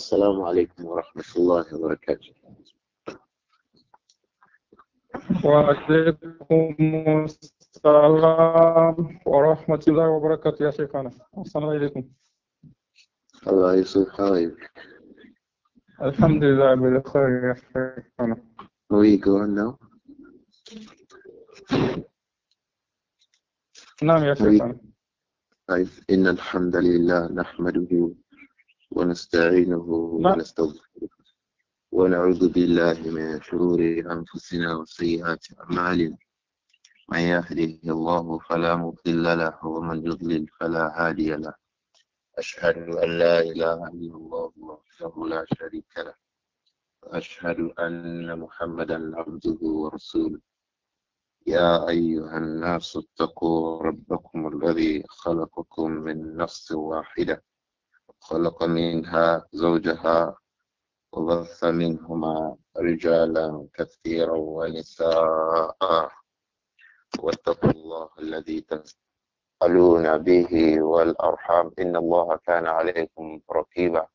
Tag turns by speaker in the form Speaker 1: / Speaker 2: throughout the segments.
Speaker 1: السلام عليكم ورحمة الله وبركاته وعليكم السلام ورحمة الله وبركاته يا شيخنا السلام عليكم الله يصلح الحمد لله بالخير يا شيخنا وي جو going نعم يا شيخنا طيب، إن الحمد لله نحمده ونستعينه ونستغفره ونعوذ بالله من شرور أنفسنا وسيئات أعمالنا من يهده الله فلا مضل له ومن يضلل فلا هادي له أشهد أن لا إله إلا الله وحده لا شريك له وأشهد أن محمدا عبده ورسوله يا أيها الناس اتقوا ربكم الذي خلقكم من نفس واحدة خلق منها زوجها وبث منهما رجالا كثيرا ونساء واتقوا الله الذي تسألون به والأرحام إن الله كان عليكم رقيبا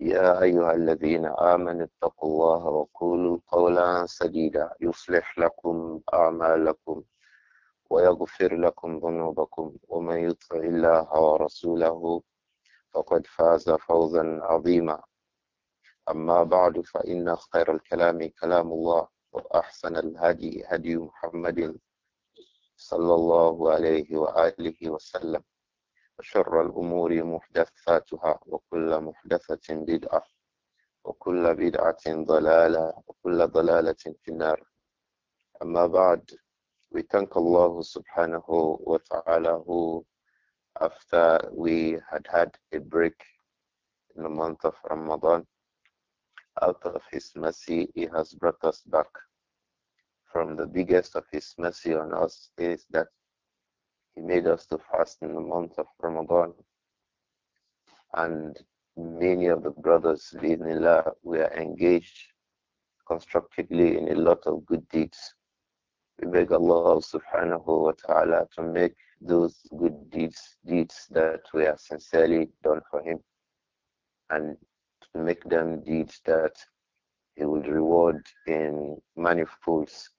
Speaker 1: يا أيها الذين آمنوا اتقوا الله وقولوا قولا سديدا يصلح لكم أعمالكم ويغفر لكم ذنوبكم ومن يطع الله ورسوله فقد فاز فوزا عظيما أما بعد فإن خير الكلام كلام الله وأحسن الهدي هدي محمد صلى الله عليه وآله وسلم وشر الأمور محدثاتها وكل محدثة بدعة وكل بدعة ضلالة وكل ضلالة في النار أما بعد We thank Allah subhanahu wa ta'ala who, after we had had a break in the month of Ramadan, out of His mercy, He has brought us back. From the biggest of His mercy on us is that He made us to fast in the month of Ramadan. And many of the brothers, we were engaged constructively in a lot of good deeds we beg Allah subhanahu wa ta'ala to make those good deeds, deeds that we have sincerely done for Him, and to make them deeds that He will reward in manifolds.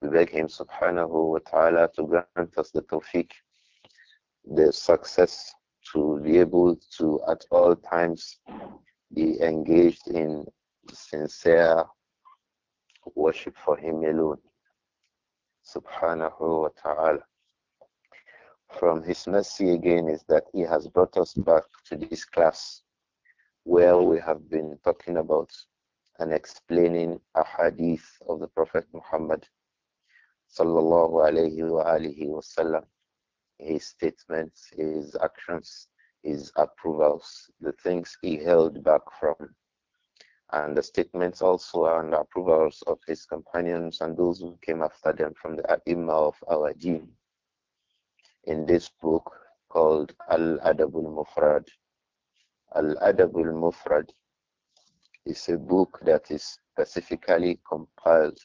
Speaker 1: We beg Him subhanahu wa ta'ala to grant us the tawfiq, the success to be able to at all times be engaged in sincere worship for Him alone subhanahu wa ta'ala. From His mercy again is that He has brought us back to this class where we have been talking about and explaining a hadith of the Prophet Muhammad sallallahu alayhi wa alihi wasallam, his statements, his actions, his approvals, the things he held back from and the statements also and approvals of his companions and those who came after them from the Imam of our deen in this book called Al Adabul Mufrad. Al Adabul Mufrad is a book that is specifically compiled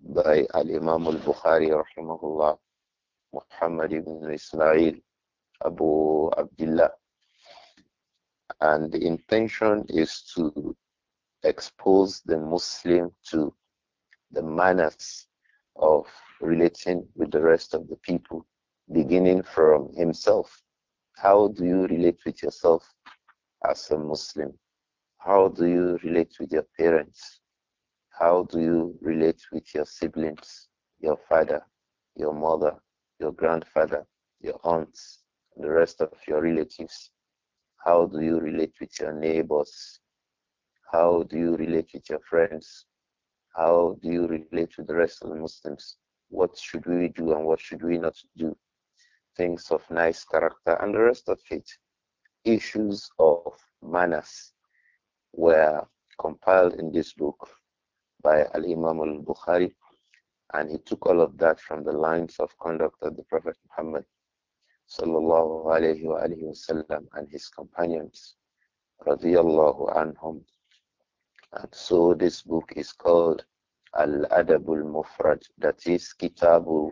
Speaker 1: by Al Imam al Bukhari, rahimahullah, Muhammad ibn Ismail Abu Abdullah and the intention is to expose the Muslim to the manners of relating with the rest of the people, beginning from himself. How do you relate with yourself as a Muslim? How do you relate with your parents? How do you relate with your siblings, your father, your mother, your grandfather, your aunts, and the rest of your relatives? How do you relate with your neighbors? How do you relate with your friends? How do you relate with the rest of the Muslims? What should we do and what should we not do? Things of nice character and the rest of it. Issues of manners were compiled in this book by Al Imam al Bukhari, and he took all of that from the lines of conduct of the Prophet Muhammad sallallahu alayhi wa and his companions radiyallahu anhum and so this book is called Al Adabul Mufrad, that is Kitabu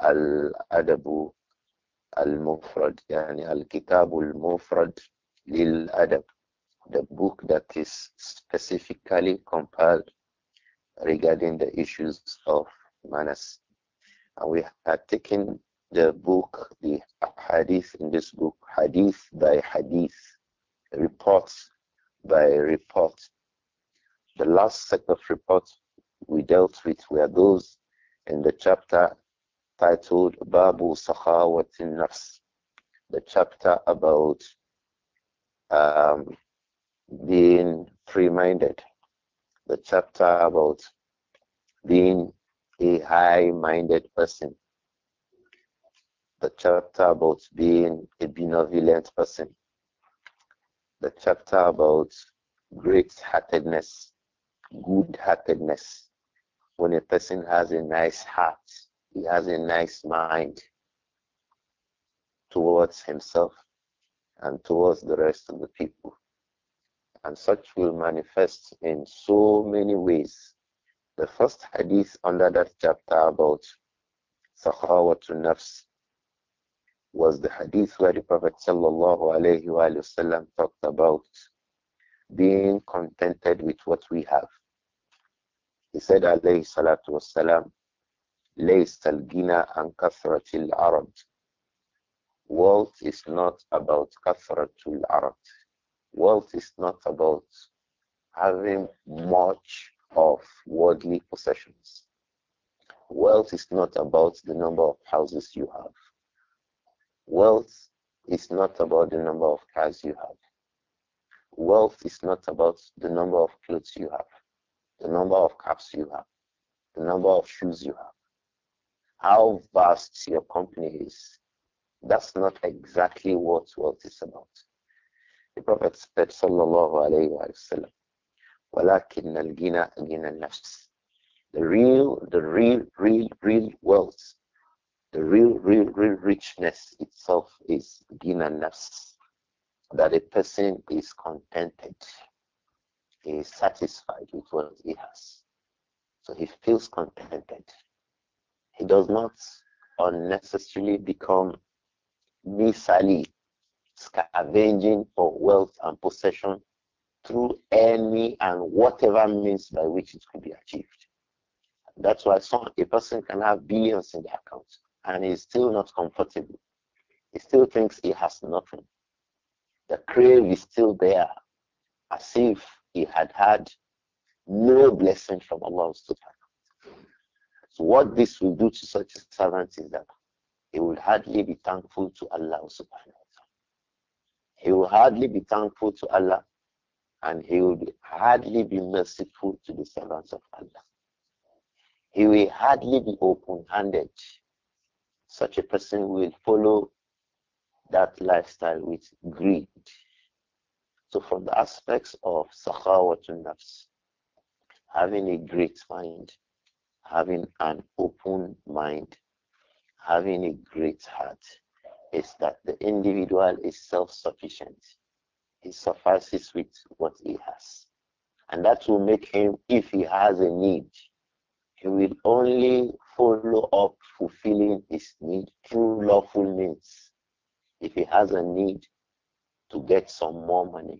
Speaker 1: Al Adabu Al Mufrad, yani Al Kitabul Mufrad Lil Adab, the book that is specifically compiled regarding the issues of manners. And we have taken the book, the hadith in this book, hadith by hadith, reports by reports the last set of reports we dealt with were those in the chapter titled Babu Sakhawatin Nafs, the chapter about um, being free minded, the chapter about being a high minded person, the chapter about being a benevolent person, the chapter about great heartedness, good heartedness. When a person has a nice heart, he has a nice mind towards himself and towards the rest of the people. And such will manifest in so many ways. The first hadith under that chapter about Sakhawatun Nafs was the hadith where the Prophet وسلم, talked about being contented with what we have. He said, alayhi salatu wassalam, لَيْسَ الْغِنَى عَنْ Wealth is not about kathratul arad. Wealth is not about having much of worldly possessions. Wealth is not about the number of houses you have. Wealth is not about the number of cars you have. Wealth is not about the number of clothes you have the number of caps you have, the number of shoes you have, how vast your company is. That's not exactly what wealth is about. The Prophet said, Sallallahu Alaihi Wasallam, ولكن الغنى النفس. The real, the real, real, real wealth, the real, real, real richness itself is غنى النفس. That a person is contented he is satisfied with what he has. So he feels contented. He does not unnecessarily become miserly, scavenging for wealth and possession through any and whatever means by which it could be achieved. That's why some a person can have billions in the account and is still not comfortable. He still thinks he has nothing. The crave is still there, as if he had had no blessing from Allah subhanahu Wa So what this will do to such a servant is that he will hardly be thankful to Allah subhanahu Wa He will hardly be thankful to Allah and he will be, hardly be merciful to the servants of Allah. He will hardly be open handed. Such a person will follow that lifestyle with greed so from the aspects of sakhawatun nafs, having a great mind, having an open mind, having a great heart, is that the individual is self-sufficient. He suffices with what he has. And that will make him, if he has a need, he will only follow up fulfilling his need through lawful means. If he has a need, to get some more money,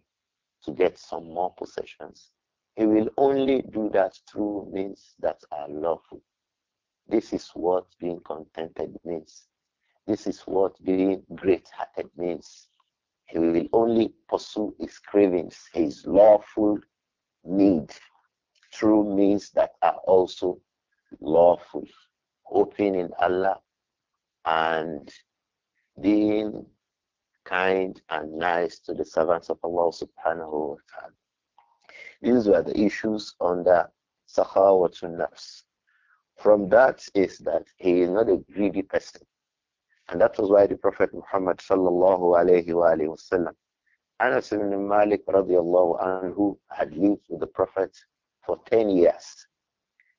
Speaker 1: to get some more possessions. He will only do that through means that are lawful. This is what being contented means. This is what being great hearted means. He will only pursue his cravings, his lawful need, through means that are also lawful. Hoping in Allah and being kind and nice to the servants of Allah subhanahu wa ta'ala. These were the issues under Sakhawatun Nafs. From that is that he is not a greedy person. And that was why the Prophet Muhammad sallallahu alayhi wa alayhi wa sallam, Anas ibn Malik radiallahu anhu had lived with the Prophet for 10 years.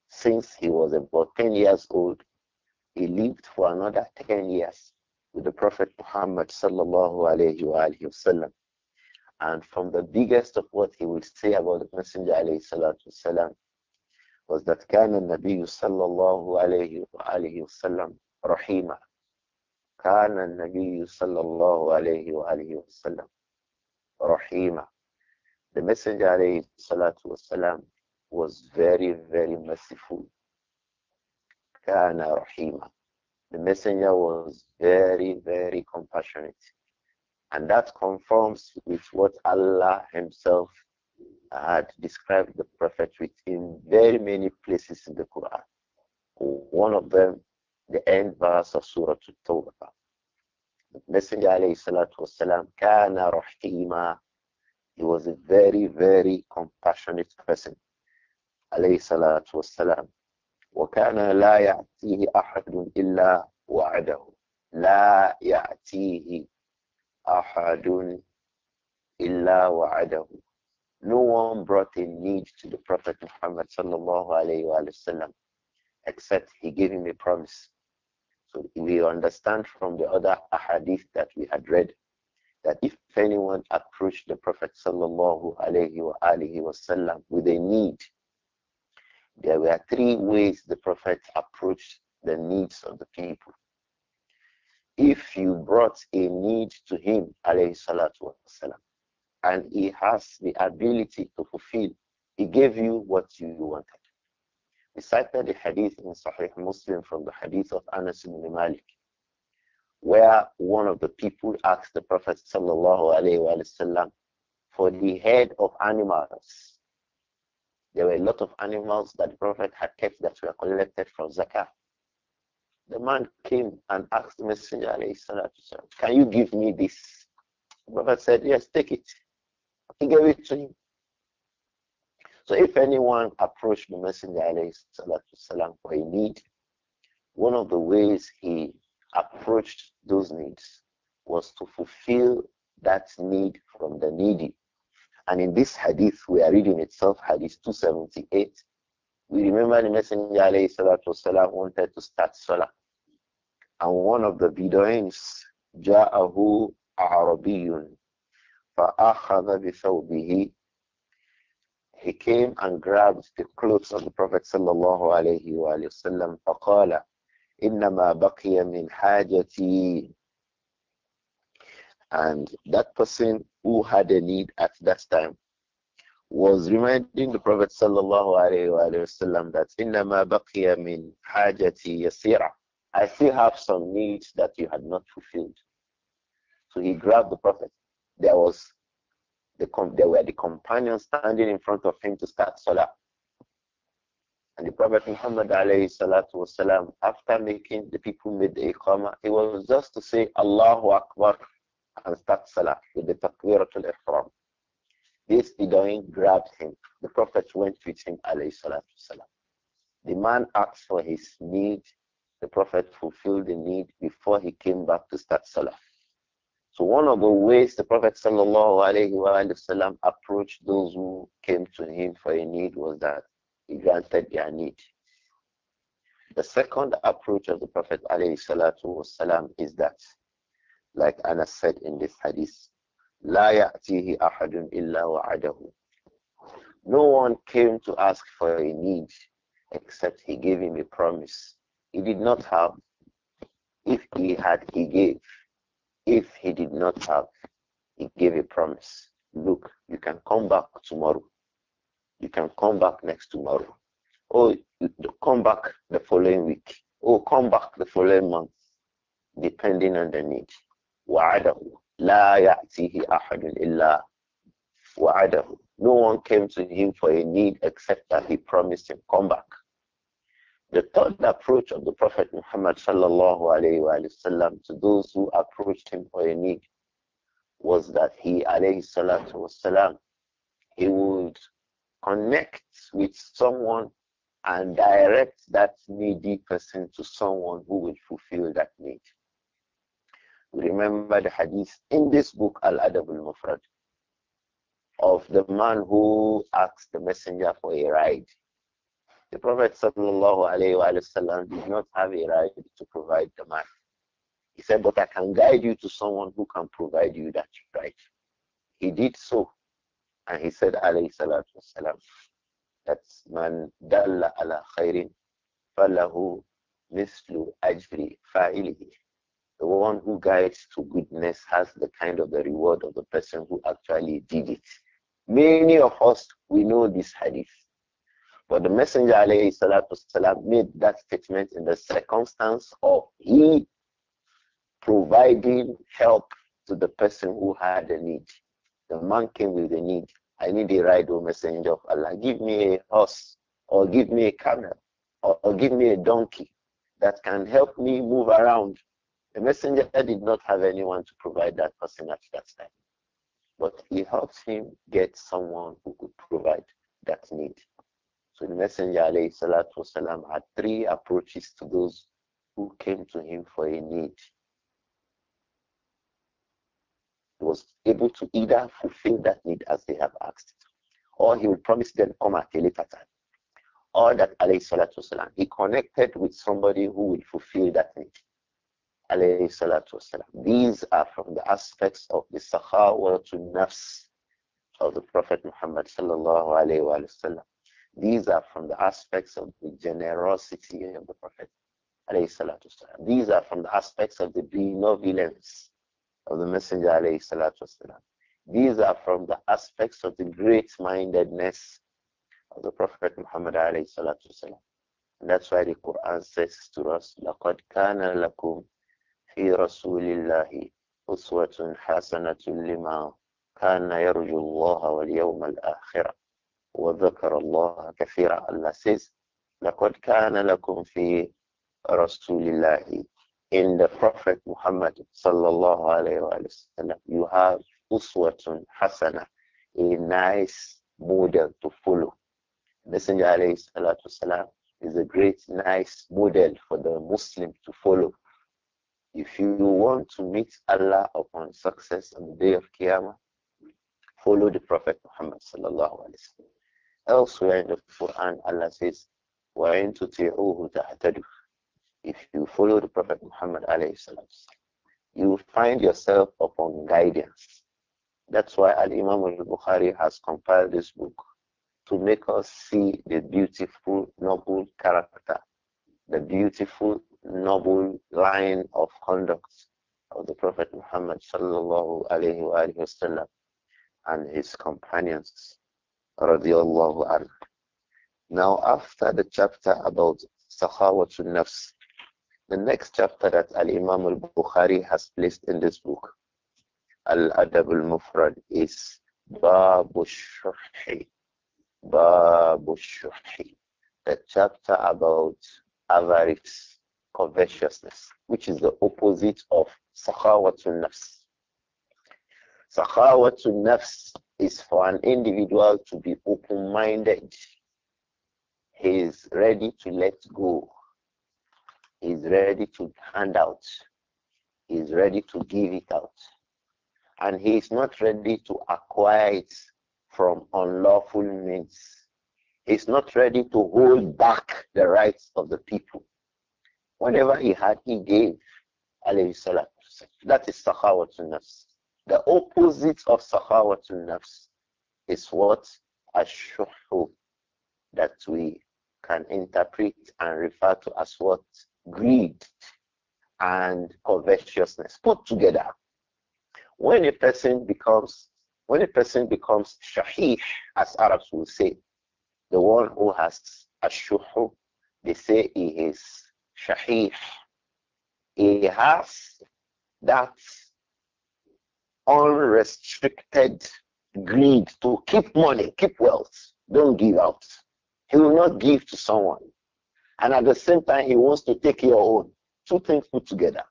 Speaker 1: Since he was about 10 years old, he lived for another 10 years with the Prophet Muhammad sallallahu alayhi wasallam. And from the biggest of what he would say about the Messenger alayhi salatu wasalam was that كان النبي صلى الله عليه وآله وسلم رحيما كان النبي صلى الله عليه وآله وسلم رحيما The Messenger عليه الصلاة والسلام was very very merciful كان رحيما the messenger was very, very compassionate. And that conforms with what Allah Himself had described the Prophet with in very many places in the Quran. One of them, the end verse of Surah At-Tawbah. The Messenger alayhi salatu wasalam, He was a very, very compassionate person. Alayhi وكان لا يأتيه أحد إلا وعده لا يأتيه أحد إلا وعده No one brought a need to the Prophet Muhammad sallallahu alayhi wa sallam except he gave him a promise. So we understand from the other hadith that we had read that if anyone approached the Prophet sallallahu alayhi wa sallam with a need, there were three ways the Prophet approached the needs of the people. If you brought a need to him, والسلام, and he has the ability to fulfill, he gave you what you wanted. We cited the hadith in Sahih Muslim from the hadith of Anas ibn Malik, where one of the people asked the Prophet وسلم, for the head of animals there were a lot of animals that the Prophet had kept that were collected from Zakah. The man came and asked the Messenger, Can you give me this? The Prophet said, Yes, take it. He gave it to him. So if anyone approached the Messenger والسلام, for a need, one of the ways he approached those needs was to fulfill that need from the needy. And in this hadith, we are reading itself, hadith 278. We remember the Messenger والسلام, wanted to start Salah. And one of the Bedouins, جاءه عربي فأخذ بثوبه He came and grabbed the clothes of the Prophet sallallahu alayhi wa sallam فقال إنما بقي من حاجتي and that person who had a need at that time was reminding the Prophet sallallahu alaihi wasallam that innama baqiya min hajati yasira. I still have some needs that you had not fulfilled. So he grabbed the Prophet. There was the there were the companions standing in front of him to start salah. And the Prophet Muhammad alayhi salatu wasalam, after making the people made the iqamah, it was just to say Allahu Akbar and start salah with the takbiratul ihram. This Bedouin grabbed him. The Prophet went with him, alayhi salam. The man asked for his need. The Prophet fulfilled the need before he came back to start salah. So one of the ways the Prophet وسلم, approached those who came to him for a need was that he granted their need. The second approach of the Prophet وسلم, is that like Anna said in this hadith, لا يأتيه أحد إلا وعده. No one came to ask for a need except he gave him a promise. He did not have. If he had, he gave. If he did not have, he gave a promise. Look, you can come back tomorrow. You can come back next tomorrow. Oh, come back the following week. Oh, come back the following month, depending on the need. وعده لا يأتيه أحد إلا وعده No one came to him for a need except that he promised him, come back. The third approach of the Prophet Muhammad sallallahu alayhi wa sallam to those who approached him for a need was that he alayhi salatu wasalam, he would connect with someone and direct that needy person to someone who will fulfill that need. Remember the hadith in this book, Al Adab al Mufrad, of the man who asked the messenger for a ride. The Prophet وسلم, did not have a ride to provide the man. He said, But I can guide you to someone who can provide you that right. He did so. And he said, alayhi that's man dalla ala khairin falahu mislu ajri fa'ilihi the one who guides to goodness has the kind of the reward of the person who actually did it. Many of us, we know this hadith. But the Messenger والسلام, made that statement in the circumstance of he providing help to the person who had a need. The man came with a need. I need a ride, O Messenger of Allah. Give me a horse, or give me a camel, or, or give me a donkey that can help me move around the messenger did not have anyone to provide that person at that time. But he helped him get someone who could provide that need. So the messenger والسلام, had three approaches to those who came to him for a need. He was able to either fulfill that need as they have asked, or he would promise them come at a later time. Or that والسلام, he connected with somebody who would fulfill that need. These are from the aspects of the sakhawatul nafs of the Prophet Muhammad These are from the aspects of the generosity of the Prophet These are from the aspects of the benevolence of the Messenger These are from the aspects of the great-mindedness of the Prophet Muhammad And that's why the Quran says to us, في رسول الله أسوة حسنة لما كان يرجو الله واليوم وذكر الله كثيرا says لقد كان لكم في رسول الله in the Prophet Muhammad you have uswatun hasana a nice model to follow Messenger of Allah is a great nice model for the Muslim to follow if you want to meet Allah upon success on the day of Qiyamah, follow the Prophet Muhammad sallallahu alaihi wasallam. Elsewhere in the Quran, Allah says, وَإِن تُطِيعُوهُ تَهْتَدُوا If you follow the Prophet Muhammad alayhi salam, you find yourself upon guidance. That's why Al-Imam al-Bukhari has compiled this book to make us see the beautiful, noble character, the beautiful, noble line of conduct of the Prophet Muhammad sallallahu alayhi wa alayhi wasallam and his companions radiallahu anhu. Now after the chapter about Sakhawatun Nafs, the next chapter that Al-Imam al-Bukhari has placed in this book, Al-Adab al-Mufrad, is Babu Shuhi. Babu Shuhi. The chapter about avarice covetousness, which is the opposite of sakhawatun nafs. Sakhawatun nafs is for an individual to be open-minded. He is ready to let go. He is ready to hand out. He is ready to give it out. And he is not ready to acquire it from unlawful means. is not ready to hold back the rights of the people. Whenever he had, he gave. That is sakhawatun nafs. The opposite of sakhawatun nafs is what? Ashuhu. That we can interpret and refer to as what? Greed and covetousness put together. When a person becomes when a person becomes shahih, as Arabs will say, the one who has ashuhu, they say he is Shahid, He has that unrestricted greed to keep money, keep wealth. Don't give out. He will not give to someone. And at the same time, he wants to take your own. Two things put together.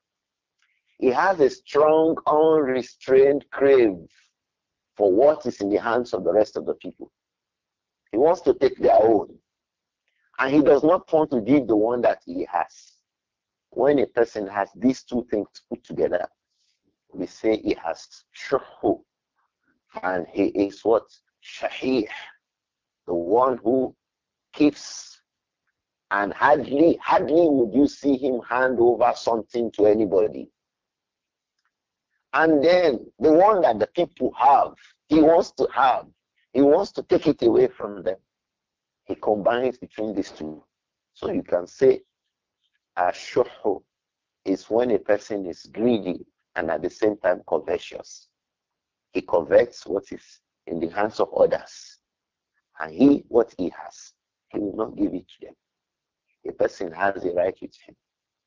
Speaker 1: He has a strong, unrestrained crave for what is in the hands of the rest of the people. He wants to take their own. And he does not want to give the one that he has. When a person has these two things put together, we say he has shuhu, and he is what? Shahih, the one who keeps. And hardly, hardly would you see him hand over something to anybody. And then the one that the people have, he wants to have, he wants to take it away from them. He combines between these two. So hmm. you can say ashuhu is when a person is greedy and at the same time covetous. He covets what is in the hands of others. And he, what he has, he will not give it to them. A person has a right with him.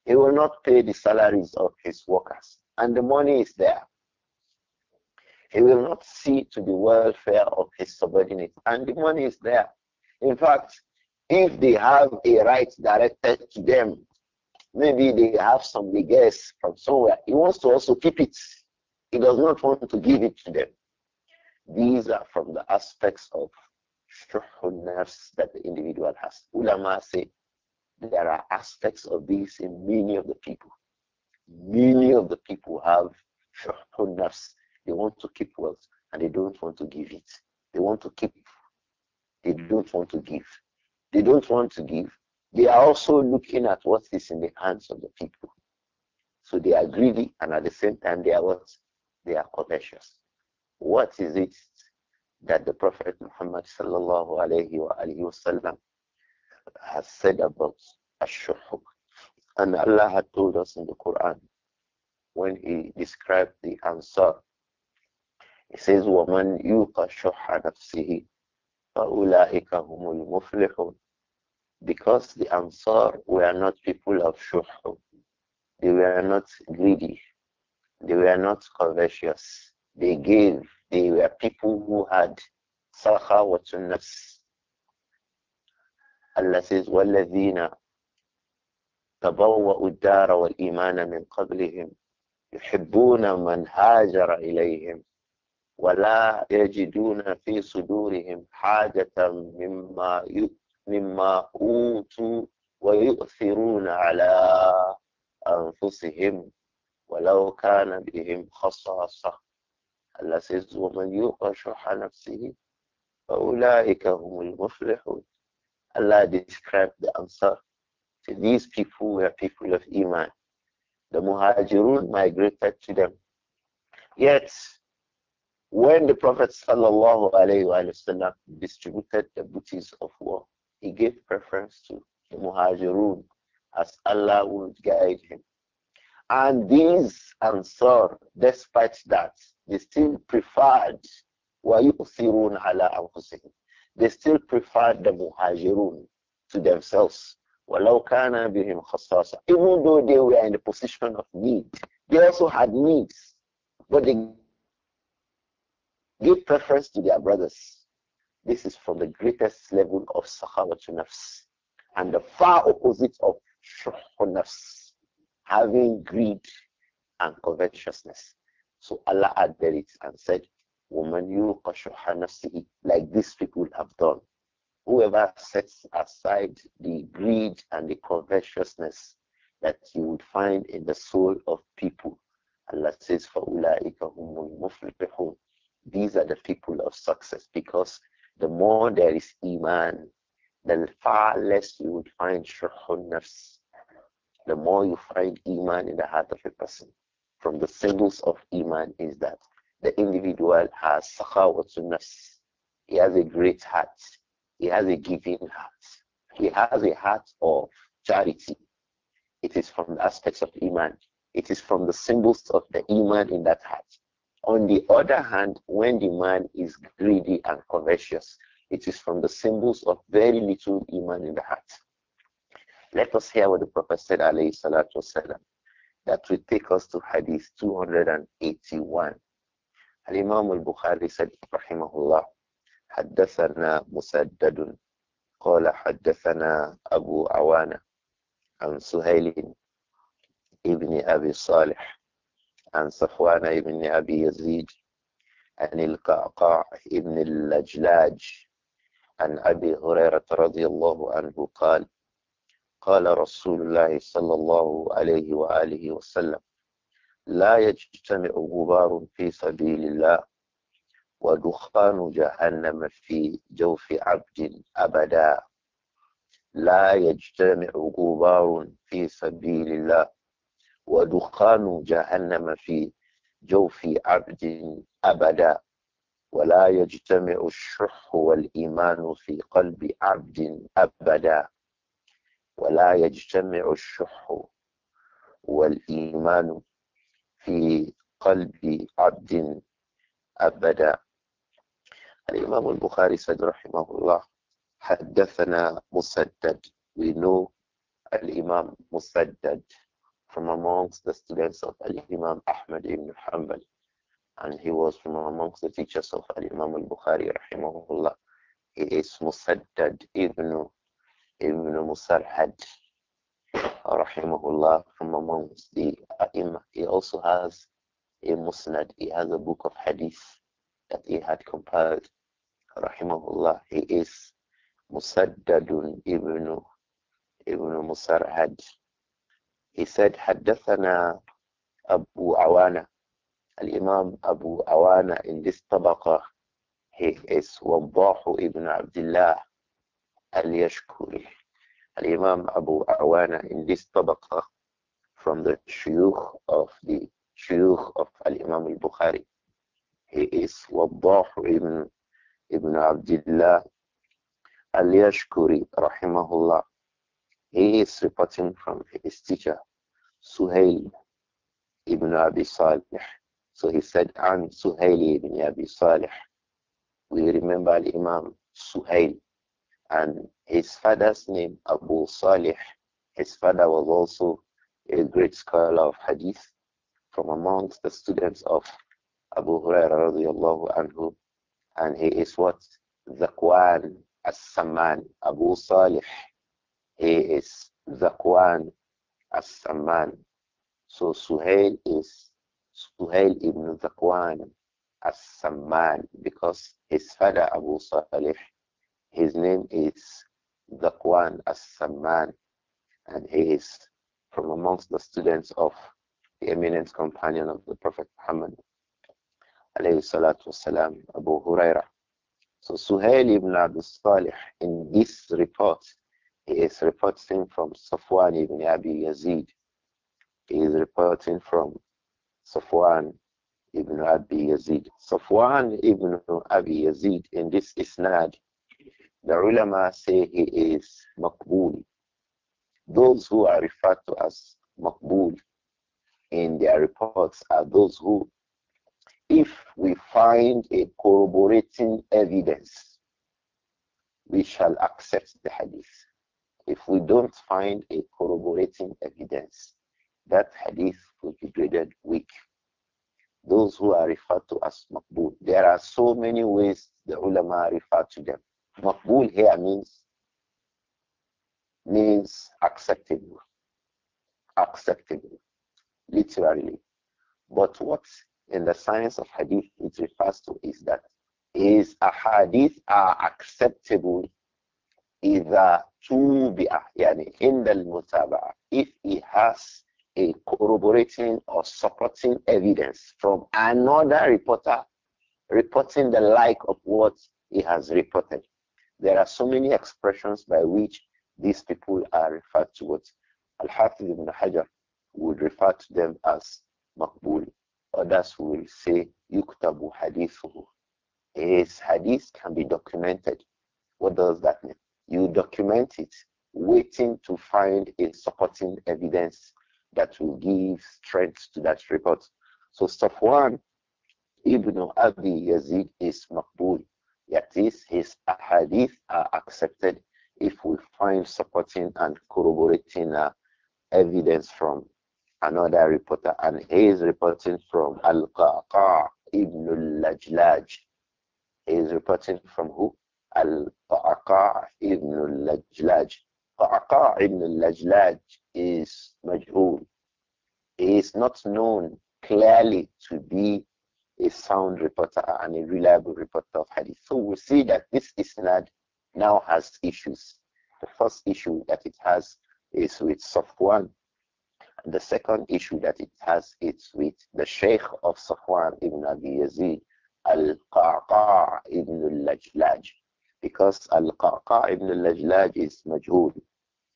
Speaker 1: He will not pay the salaries of his workers. And the money is there. He will not see to the welfare of his subordinates. And the money is there. In fact, if they have a right directed to them, maybe they have some regrets from somewhere. He wants to also keep it. He does not want to give it to them. These are from the aspects of shuhul nerves that the individual has. Ulama say there are aspects of this in many of the people. Many of the people have shuhul nerves. They want to keep wealth and they don't want to give it. They want to keep they don't want to give. They don't want to give. They are also looking at what is in the hands of the people. So they are greedy and at the same time they are what? They are covetous. What is it that the Prophet Muhammad sallallahu alayhi wa alayhi wasallam has said about ash And Allah had told us in the Quran when he described the Ansar. He says, وَمَنْ يُوقَ شُحَّ نَفْسِهِ because the Ansar were not people of shuhud, they were not greedy, they were not covetous. They gave, they were people who had wa nafs. Allah says, وَالَّذِينَ تبوأوا الدار والإيمان من قبلهم يحبون من هاجر إليهم ولا يجدون في صدورهم حاجة مما مما أوتوا ويؤثرون على أنفسهم ولو كان بهم خصاصة الله says ومن يوق شح نفسه فأولئك هم المفلحون Allah described the answer to these people were people of Iman. The Muhajirun migrated to them. Yet when the Prophet وسلم, distributed the booty of war, he gave preference to the Muhajirun as Allah would guide him. And these Ansar, despite that, they still preferred وَيُؤْثِرُونَ They still preferred the Muhajirun to themselves. Even though they were in the position of need, they also had needs, but they Give preference to their brothers. This is from the greatest level of sakhawatun nafs and the far opposite of shuhun nafs, having greed and covetousness. So Allah added it and said, Woman, you nafsihi, like these people have done. Whoever sets aside the greed and the covetousness that you would find in the soul of people, Allah says, فَأُولَٰئِكَ هُمُ الْمُفْلِحُونَ these are the people of success because the more there is iman, the far less you would find shurhun nafs. The more you find iman in the heart of a person. From the symbols of iman is that the individual has sakhawatun He has a great heart. He has a giving heart. He has a heart of charity. It is from the aspects of iman. It is from the symbols of the iman in that heart on the other hand, when the man is greedy and covetous, it is from the symbols of very little iman in the heart. Let us hear what the Prophet said, alayhi salatu wasalam. That will take us to Hadith 281. الإمام البخاري سد رحمه الله حدثنا مسدد قال حدثنا أبو عوانة عن سهيل ابن أبي صالح عن صفوان بن أبي يزيد عن القعقاع بن اللجلاج عن أبي هريرة رضي الله عنه قال قال رسول الله صلى الله عليه وآله وسلم لا يجتمع غبار في سبيل الله ودخان جهنم في جوف عبد أبدا لا يجتمع غبار في سبيل الله ودخان جهنم في جوف عبد أبدا ولا يجتمع الشح والإيمان في قلب عبد أبدا ولا يجتمع الشح والإيمان في قلب عبد أبدا الإمام البخاري سيد رحمه الله حدثنا مسدد بنو الإمام مسدد from amongst the students of Al Imam Ahmad ibn Hanbal, and he was from amongst the teachers of Al Imam Al Bukhari, rahimahullah. He is Musaddad ibn ibn Musarhad, rahimahullah, from amongst the Imam. He also has a Musnad. He has a book of hadith that he had compiled, rahimahullah. He is Musaddadun ibn ibn Musarhad. He said, Haddathana Abu Awana. Al-Imam Abu Awana in this tabaqa, he is Wabahu ibn Abdullah al-Yashkuri. Al-Imam Abu Awana in this tabaqa from the shuyukh of the shuyukh of Al-Imam al-Bukhari. He is Wabahu ibn, ibn Abdullah al-Yashkuri, rahimahullah. He is reporting from his teacher, Suhail ibn Abi Salih. So he said, An Suhail ibn Abi Salih. We remember Imam Suhail. And his father's name, Abu Salih. His father was also a great scholar of hadith from amongst the students of Abu Hurairah radiallahu anhu. And he is what? Zakwan as-Saman, Abu Salih he is Zakwan As-Samman. So Suhail is Suhail ibn Zakwan As-Samman because his father Abu Salih, his name is Zakwan As-Samman and he is from amongst the students of the eminent companion of the Prophet Muhammad alayhi salatu wasalam, Abu Huraira. So Suhail ibn Abu Salih in this report he is reporting from Safwan ibn Abi Yazid. He is reporting from Safwan ibn Abi Yazid. Safwan ibn Abi Yazid in this isnad, the ulama say he is makbul. Those who are referred to as makbul in their reports are those who, if we find a corroborating evidence, we shall accept the hadith. If we don't find a corroborating evidence, that hadith will be graded weak. Those who are referred to as makbul, there are so many ways the ulama refer to them. Makbul here means means acceptable, acceptable, literally. But what in the science of hadith it refers to is that is a hadith are acceptable إذا تُوبِعَ يعني عند المتابعة if he has a corroborating or supporting evidence from another reporter reporting the like of what he has reported. There are so many expressions by which these people are referred to what Al-Hafiz ibn Hajar would refer to them as Makbul. Others will say Yuktabu hadithu. His hadith can be documented. What does that mean? you document it, waiting to find a supporting evidence that will give strength to that report. So Safwan ibn Abi Yazid is maqbul. That is, his hadith are accepted if we find supporting and corroborating uh, evidence from another reporter. And he is reporting from Al-Qaqa ibn al-Lajlaj. He is reporting from who? Al-Qaqa ibn al-Lajlaj. ibn al lajlaj ibn al lajlaj is majhul. He is not known clearly to be a sound reporter and a reliable reporter of hadith. So we see that this isnad now has issues. The first issue that it has is with Safwan. And the second issue that it has is with the Sheikh of Safwan ibn Abi Yazid, Al-Qaqa ibn al-Lajlaj because Al-Qaqa ibn al-Lajlaj is majhul.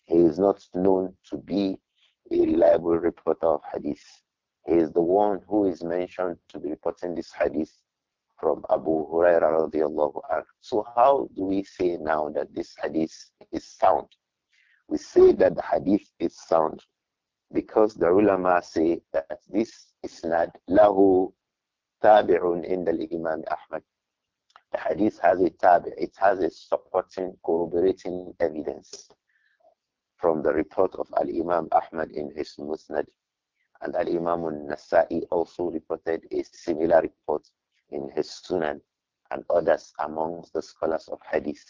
Speaker 1: He is not known to be a reliable reporter of hadith. He is the one who is mentioned to be reporting this hadith from Abu Hurairah radiallahu anhu. So how do we say now that this hadith is sound? We say that the hadith is sound because the ulama say that this isnad lahu tabi'un in the imam Ahmad the hadith has a tab, it has a supporting, corroborating evidence from the report of Al Imam Ahmad in his Musnad. And Al Imam al Nasa'i also reported a similar report in his Sunan and others amongst the scholars of hadith.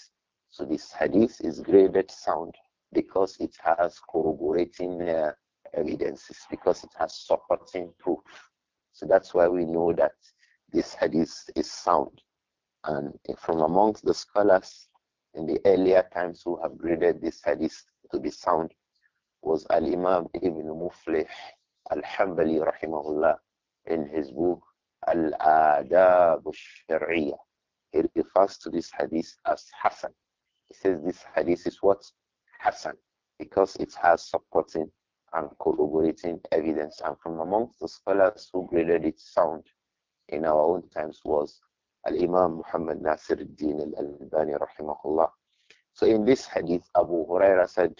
Speaker 1: So this hadith is graded sound because it has corroborating uh, evidences, because it has supporting proof. So that's why we know that this hadith is sound. And from amongst the scholars in the earlier times who have graded this hadith to be sound was Al Imam Ibn Muflih Al Hanbali rahimahullah in his book Al Adab Shari'ah. He refers to this hadith as Hassan. He says this hadith is what? Hassan. Because it has supporting and corroborating evidence. And from amongst the scholars who graded it sound in our own times was الإمام محمد ناصر الدين الألباني رحمه الله. So in this hadith, Abu Huraira said,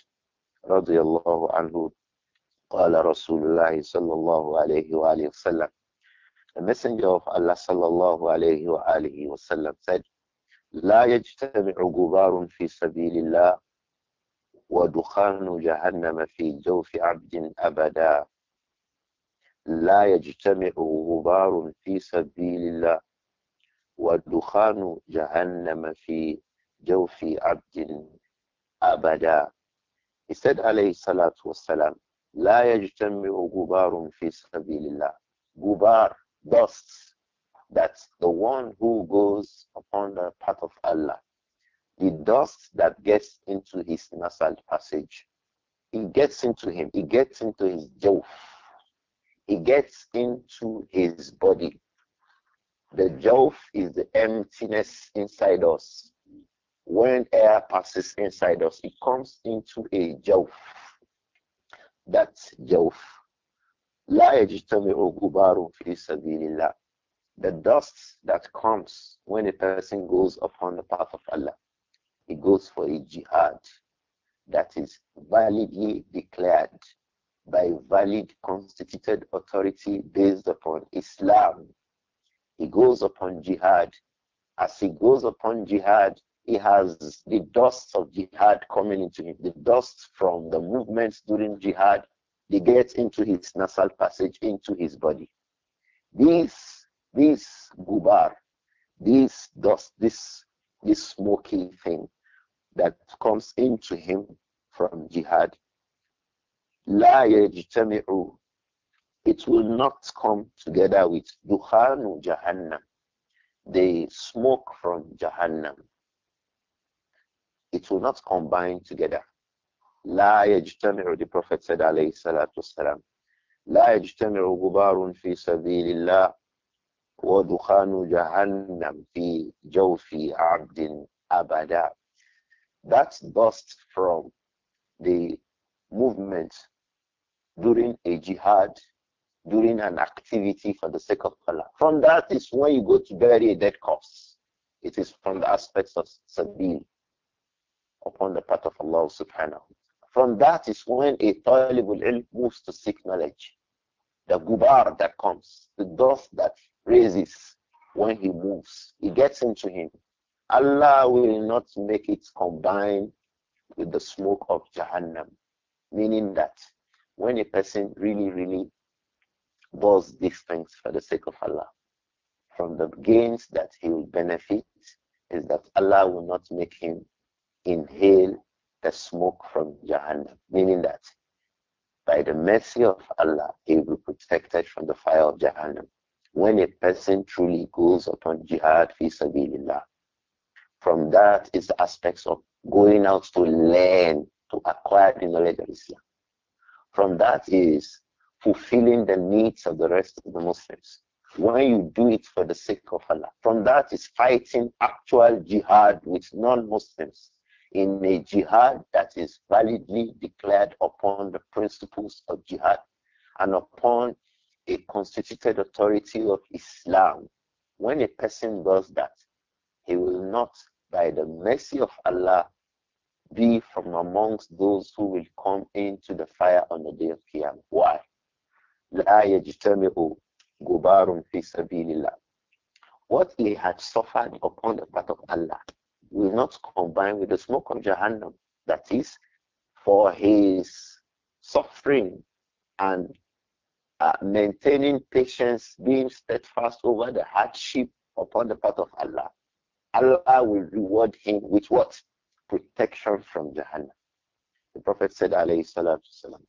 Speaker 1: الله عنه قال رسول الله صلى الله عليه وآله وسلم The Messenger of Allah صلى الله عليه وآله وسلم said, لا يجتمع غبار في سبيل الله ودخان جهنم في جوف عبد أبدا لا يجتمع غبار في سبيل الله وَدُخَانُ جَهَنَّمَ فِي جَوْفِ عَبْدٍ أَبَدًا He said, alayhi salatu wasalam, لَا يَجْتَمِعُ غُبَارٌ فِي سَبِيلِ اللَّهِ Gubar, dust, that's the one who goes upon the path of Allah. The dust that gets into his nasal passage, it gets into him, it gets into his jawf, it gets into his body. The jove is the emptiness inside us. When air passes inside us, it comes into a jove. That's jove. La يجتمع غبار The dust that comes when a person goes upon the path of Allah, he goes for a jihad that is validly declared by valid constituted authority based upon Islam he goes upon jihad. As he goes upon jihad, he has the dust of jihad coming into him, the dust from the movements during jihad, they get into his nasal passage, into his body. This, this gubar, this dust, this, this smoky thing that comes into him from jihad, it will not come together with Duhanu jahannam, the smoke from jahannam. It will not combine together. La yajtami'u, the Prophet said alayhi salatu wasalam. La yajtami'u gubarun fi sabilillah wa dukhanu jahannam fi jawfi abdin abada. That dust from the movement during a jihad during an activity for the sake of Allah. From that is when you go to bury a dead corpse. It is from the aspects of sabil upon the path of Allah subhanahu. From that is when a talib ilm moves to seek knowledge. The gubar that comes, the dust that raises when he moves, it gets into him. Allah will not make it combine with the smoke of Jahannam, meaning that when a person really, really does these things for the sake of Allah. From the gains that he will benefit is that Allah will not make him inhale the smoke from Jahannam, meaning that by the mercy of Allah, he will be protected from the fire of Jahannam. When a person truly goes upon jihad fi sabilillah, from that is the aspects of going out to learn, to acquire the knowledge of Islam. From that is fulfilling the needs of the rest of the Muslims. When you do it for the sake of Allah, from that is fighting actual jihad with non-Muslims in a jihad that is validly declared upon the principles of jihad and upon a constituted authority of Islam. When a person does that, he will not, by the mercy of Allah, be from amongst those who will come into the fire on the day of Qiyam. Why? La yajtami'u gubarun fi sabilillah. What he had suffered upon the part of Allah will not combine with the smoke of Jahannam. That is, for his suffering and uh, maintaining patience, being steadfast over the hardship upon the part of Allah, Allah will reward him with what? Protection from Jahannam. The Prophet said, alayhi salatu salam,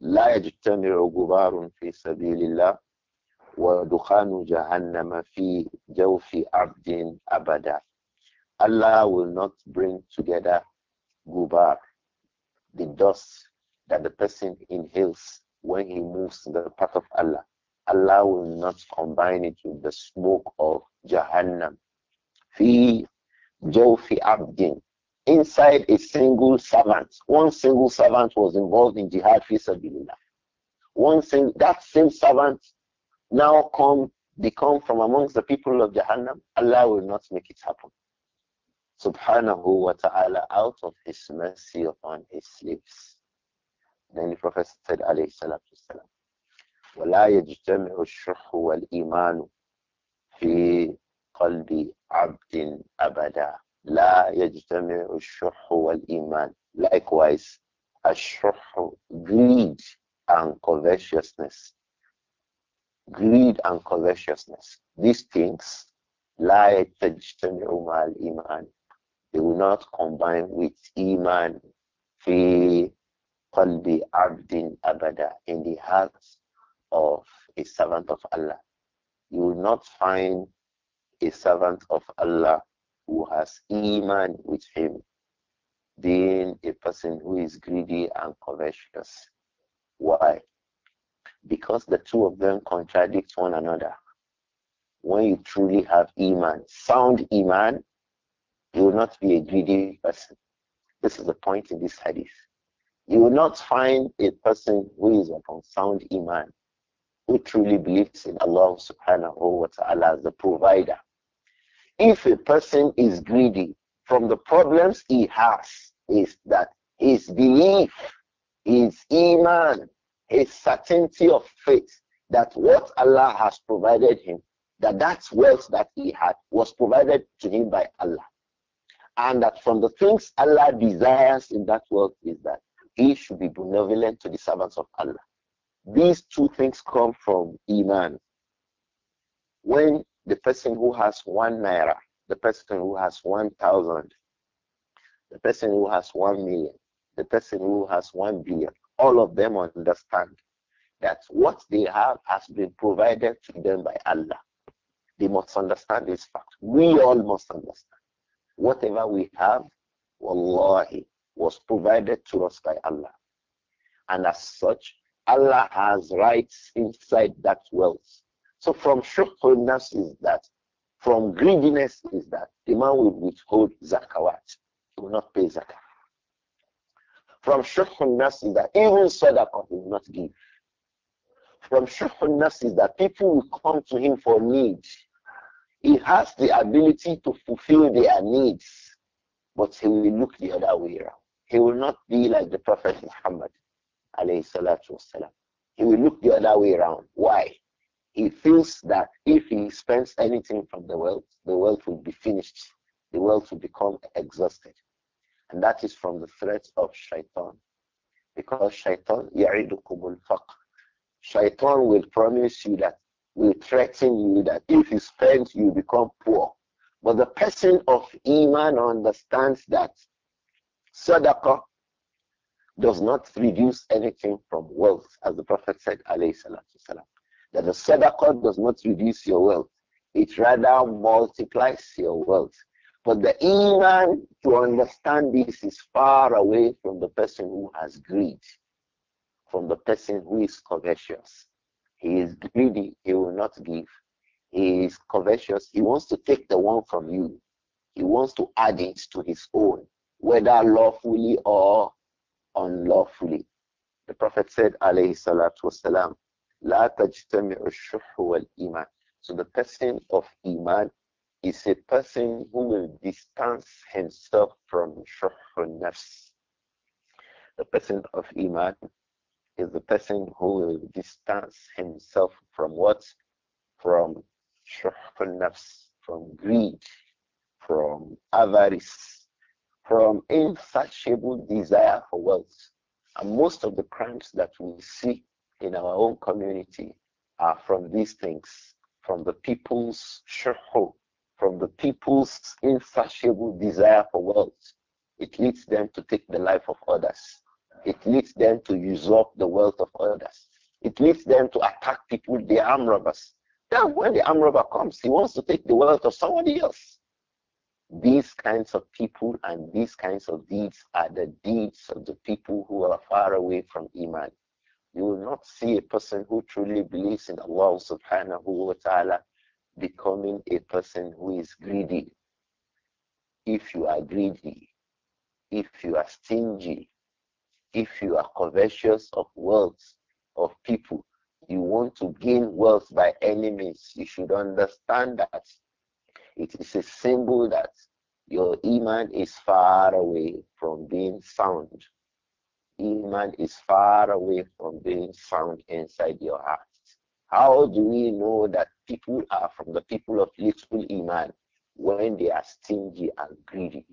Speaker 1: لا يجتمع غبار في سبيل الله ودخان جهنم في جوف عبد أبدا Allah will not bring together gubar, the dust that the person inhales when he moves to the path of Allah. Allah will not combine it with the smoke of Jahannam. Fi jawfi abdin, inside a single servant. One single servant was involved in jihad fi sabilillah. One sing, that same servant now come become from amongst the people of Jahannam. Allah will not make it happen. Subhanahu wa ta'ala out of his mercy upon his slaves. Then the Prophet said alayhi salatu wasalam. ولا يجتمع الشح والإيمان في قلب عبد أبدا لا يجتمع الشح والإيمان likewise الشح greed and covetousness greed and covetousness these things لا يجتمع مع الإيمان they will not combine with iman في qalbi abdin abada in the hearts of a servant of Allah. You will not find a servant of Allah who has iman with him being a person who is greedy and covetous. Why? Because the two of them contradict one another. When you truly have iman, sound iman, you will not be a greedy person. This is the point in this hadith. You will not find a person who is upon sound iman, who truly believes in Allah subhanahu wa ta'ala as the provider, if a person is greedy, from the problems he has is that his belief, his iman, his certainty of faith that what Allah has provided him, that that wealth that he had was provided to him by Allah. And that from the things Allah desires in that wealth is that he should be benevolent to the servants of Allah. These two things come from Iman. When the person who has one naira, the person who has one thousand, the person who has one million, the person who has one billion, all of them understand that what they have has been provided to them by Allah. They must understand this fact. We all must understand. Whatever we have, wallahi, was provided to us by Allah. And as such, Allah has rights inside that wealth. So from shukhunas is that, from greediness is that a man will withhold zakawat, he will not pay zakat. From shukhunas is that even sadaqah will not give. From shukhunas is that people will come to him for need. He has the ability to fulfill their needs, but he will look the other way around. He will not be like the Prophet Muhammad. He will look the other way around. Why? he feels that if he spends anything from the wealth, the wealth will be finished. The wealth will become exhausted. And that is from the threat of shaitan. Because shaitan, ya'idukum al Shaitan will promise you that, will threaten you that if you spend, you become poor. But the person of Iman understands that sadaqah does not reduce anything from wealth, as the Prophet said, alayhi salatu salam that the sadaqah does not reduce your wealth. It rather multiplies your wealth. But the iman to understand this is far away from the person who has greed, from the person who is covetous. He is greedy, he will not give. He is covetous, he wants to take the one from you. He wants to add it to his own, whether lawfully or unlawfully. The Prophet said, alayhi salatu wasalam, لا تجتمع الشح والإيمان So the person of Iman is a person who will distance himself from shuh nafs. The person of Iman is the person who will distance himself from what? From shuh nafs, from greed, from avarice, from insatiable desire for wealth. And most of the crimes that we see in our own community are from these things, from the people's shuhu, from the people's insatiable desire for wealth. It leads them to take the life of others. It leads them to usurp the wealth of others. It leads them to attack people, the arm robbers. Then when the arm robber comes, he wants to take the wealth of somebody else. These kinds of people and these kinds of deeds are the deeds of the people who are far away from Iman you will not see a person who truly believes in Allah subhanahu wa ta'ala becoming a person who is greedy. If you are greedy, if you are stingy, if you are covetous of wealth, of people, you want to gain wealth by any means, you should understand that it is a symbol that your iman is far away from being sound. Iman is far away from being found inside your heart. How do we know that people are from the people of little Iman when they are stingy and greedy?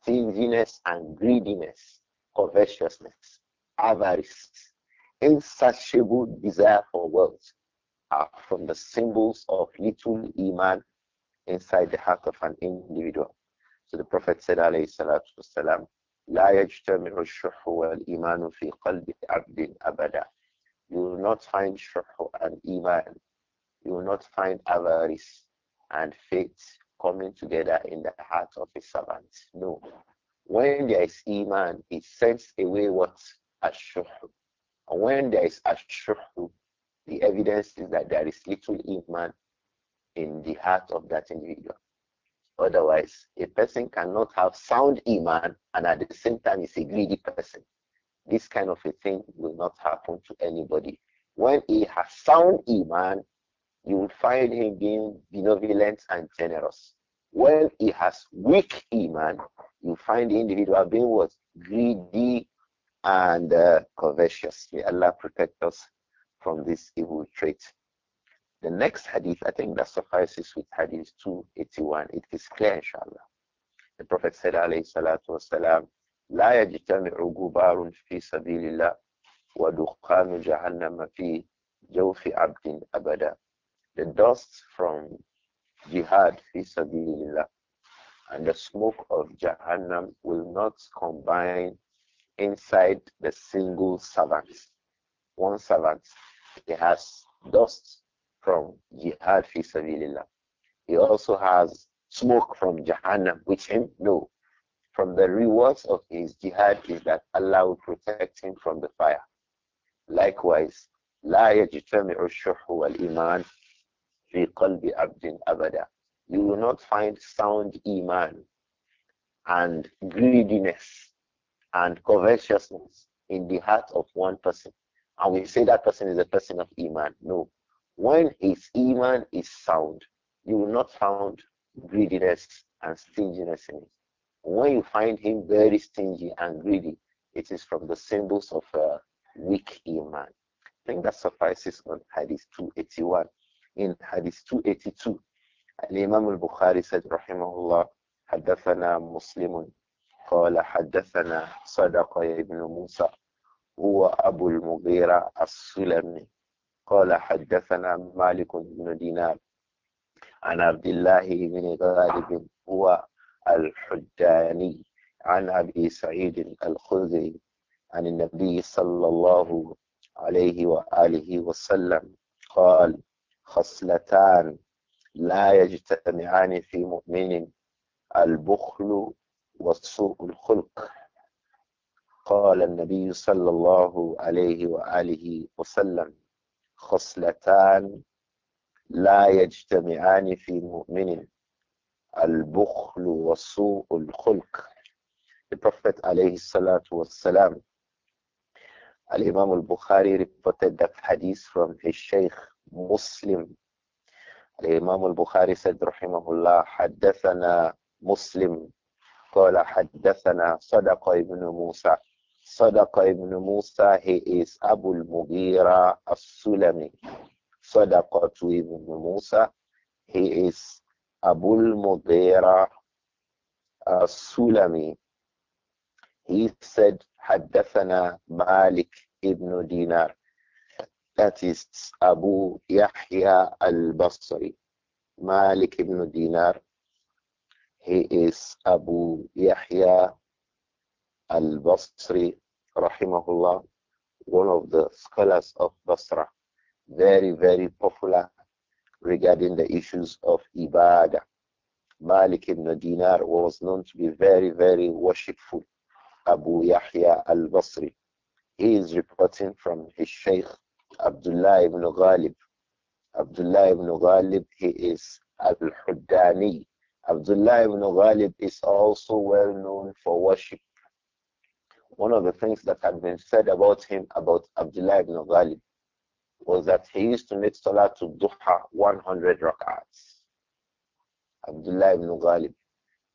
Speaker 1: Stinginess and greediness, covetousness, avarice, insatiable desire for wealth are from the symbols of little Iman inside the heart of an individual. So the Prophet said, alayhi salatu wasalam, لا يجتمع الشح والإيمان في قلب عبد أبدا You will not find shuh and iman. You will not find avarice and faith coming together in the heart of a servant. No. When there is iman, it sends away what ashuh. And when there is ashuh, the evidence is that there is little iman in the heart of that individual. Otherwise, a person cannot have sound iman and at the same time is a greedy person. This kind of a thing will not happen to anybody. When he has sound iman, you will find him being benevolent and generous. When he has weak iman, you find the individual being what greedy and uh, covetous. May Allah protect us from this evil trait. The next hadith, I think that suffices with hadith 281. It is clear, inshallah. The Prophet said, alayhi salatu wasalam, لا يجتمع غبار في سبيل الله ودخان جهنم في جوف عبد أبدا. The dust from jihad fi sabilillah and the smoke of Jahannam will not combine inside the single servant. One servant, he has dust from jihad fi sabilillah. He also has smoke from Jahannam with him? No. From the rewards of his jihad is that Allah will protect him from the fire. Likewise, لا يجتمع الشح والإيمان في قلب عبد أبدا. You will not find sound iman and greediness and covetousness in the heart of one person. And we say that person is a person of iman. No, when his iman is sound, you will not find greediness and stinginess in him. When you find him very stingy and greedy, it is from the symbols of a weak iman. I think that suffices on Hadith 281. In Hadith 282, الإمام البخاري said رحمه الله حدثنا مسلم قال حدثنا صدق ابن موسى هو أبو المغيرة السلمي قال حدثنا مالك بن دينار عن عبد الله بن غالب هو الحداني عن أبي سعيد الخدري عن النبي صلى الله عليه وآله وسلم قال خصلتان لا يجتمعان في مؤمن البخل وسوء الخلق قال النبي صلى الله عليه وآله وسلم خصلتان لا يجتمعان في مؤمن البخل وسوء الخلق The Prophet عليه الصلاة والسلام الإمام البخاري al-Bukhari reported that hadith from his Shaykh Muslim الإمام البخاري سيد رحمه الله حدثنا مسلم قال حدثنا صدق ابن موسى Sadaqa ibn Musa, he is Abu al-Mughira al-Sulami. Sadaqa ibn Musa, he is Abu al-Mughira sulami He said, حدثنا مالك ibn Dinar. That is Abu Yahya al-Basri. Malik ibn Dinar. He is Abu Yahya al-Basri, rahimahullah, one of the scholars of Basra, very, very popular regarding the issues of ibadah. Malik ibn Dinar was known to be very, very worshipful. Abu Yahya al-Basri. He is reporting from his Shaykh Abdullah ibn Ghalib. Abdullah ibn Ghalib, he is al-Huddani. Abdullah ibn Ghalib is also well known for worship one of the things that had been said about him, about Abdullah ibn Ghalib, was that he used to make Salah to Duha 100 rak'ats. Abdullah ibn Ghalib.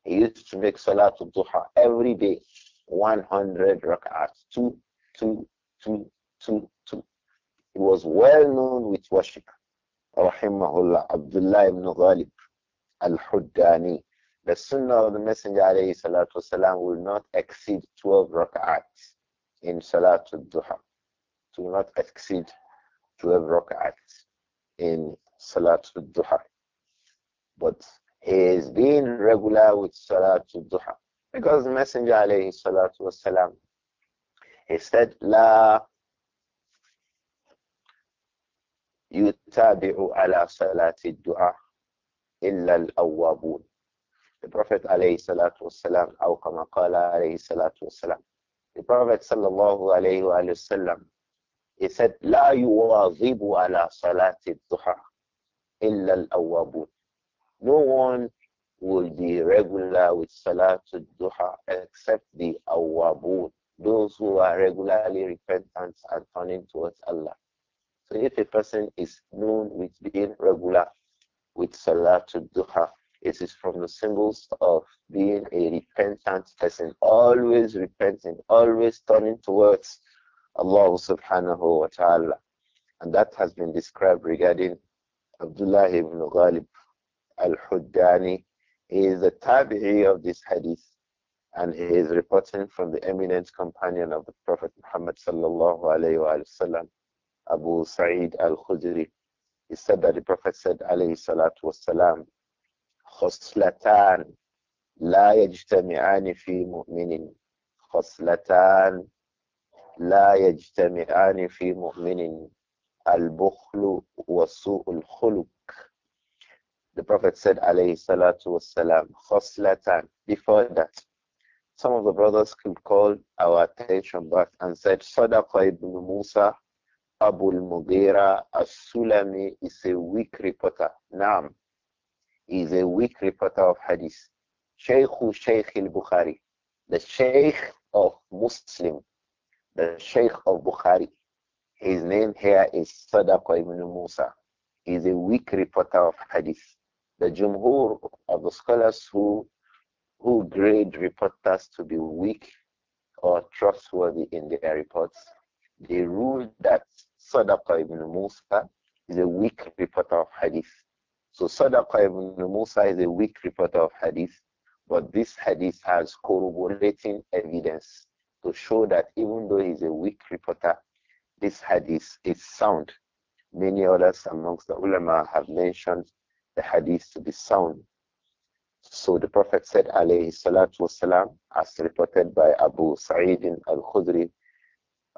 Speaker 1: He used to make Salah to Duha every day, 100 rak'ats, two, two, two, two, two. He was well known with worship. Rahimahullah, Abdullah ibn Ghalib al-Huddani. The sunnah of the Messenger والسلام, will not exceed 12 rak'at in Salatul Duha. It will not exceed 12 rak'at in Salatul Duha. But he is being regular with Salatul Duha. Because the Messenger alayhi he said, لا yutabi'u على صلاة الدعاء إلا al the Prophet alayhi salatu wasalam, أو كما قال The Prophet sallallahu alayhi wa sallam, he said, لا يواظب على صلاة الضحى إلا الأوابون. No one will be regular with Salatul Duha except the Awabun, those who are regularly repentant and turning towards Allah. So if a person is known with being regular with Salatul Duha, it is from the symbols of being a repentant person, always repenting, always turning towards Allah subhanahu wa ta'ala. And that has been described regarding Abdullah ibn Ghalib al-Huddani. He is the tabi'i of this hadith and he is reporting from the eminent companion of the Prophet Muhammad sallallahu alayhi wa sallam, Abu Sa'id al-Khudri. He said that the Prophet said alayhi salatu was salam, خصلتان لا يجتمعان في مؤمن خصلتان لا يجتمعان في مؤمن البخل وسوء الخلق The Prophet said عليه الصلاة والسلام خصلتان Before that some of the brothers could call our attention back and said Sadaqa ibn Musa Abu al-Mughira as-Sulami is a weak reporter. Naam is a weak reporter of hadith. Shaykh Shaykh al-Bukhari, the Shaykh of Muslim, the Shaykh of Bukhari. His name here is Sadaqa ibn Musa. is a weak reporter of hadith. The Jumhur of the scholars who who grade reporters to be weak or trustworthy in their reports, they rule that Sadaqa ibn Musa is a weak reporter of hadith. So Sadaqah ibn Musa is a weak reporter of hadith, but this hadith has corroborating evidence to show that even though he's a weak reporter, this hadith is sound. Many others amongst the ulama have mentioned the hadith to be sound. So the Prophet said, alayhi salatu wasalam, as reported by Abu Sa'id al-Khudri,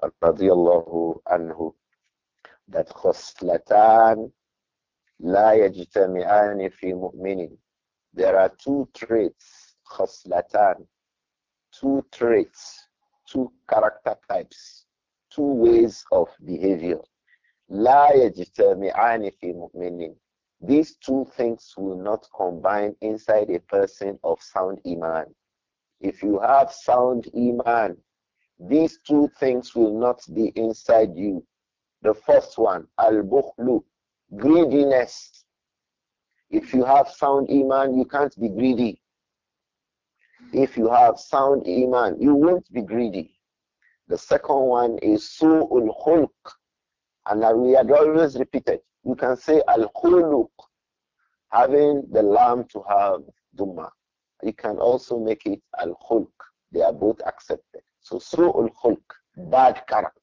Speaker 1: radiallahu anhu, that khoslatan لا يجتمعان في مؤمن there are two traits خصلتان two traits two character types two ways of behavior لا يجتمعان في مؤمن these two things will not combine inside a person of sound iman if you have sound iman these two things will not be inside you the first one al-bukhlu greediness. If you have sound iman, you can't be greedy. If you have sound iman, you won't be greedy. The second one is su'ul khulq. And we had always repeated, you can say al khuluq, having the lamb to have duma. You can also make it al khulq. They are both accepted. So su'ul khulq, bad character.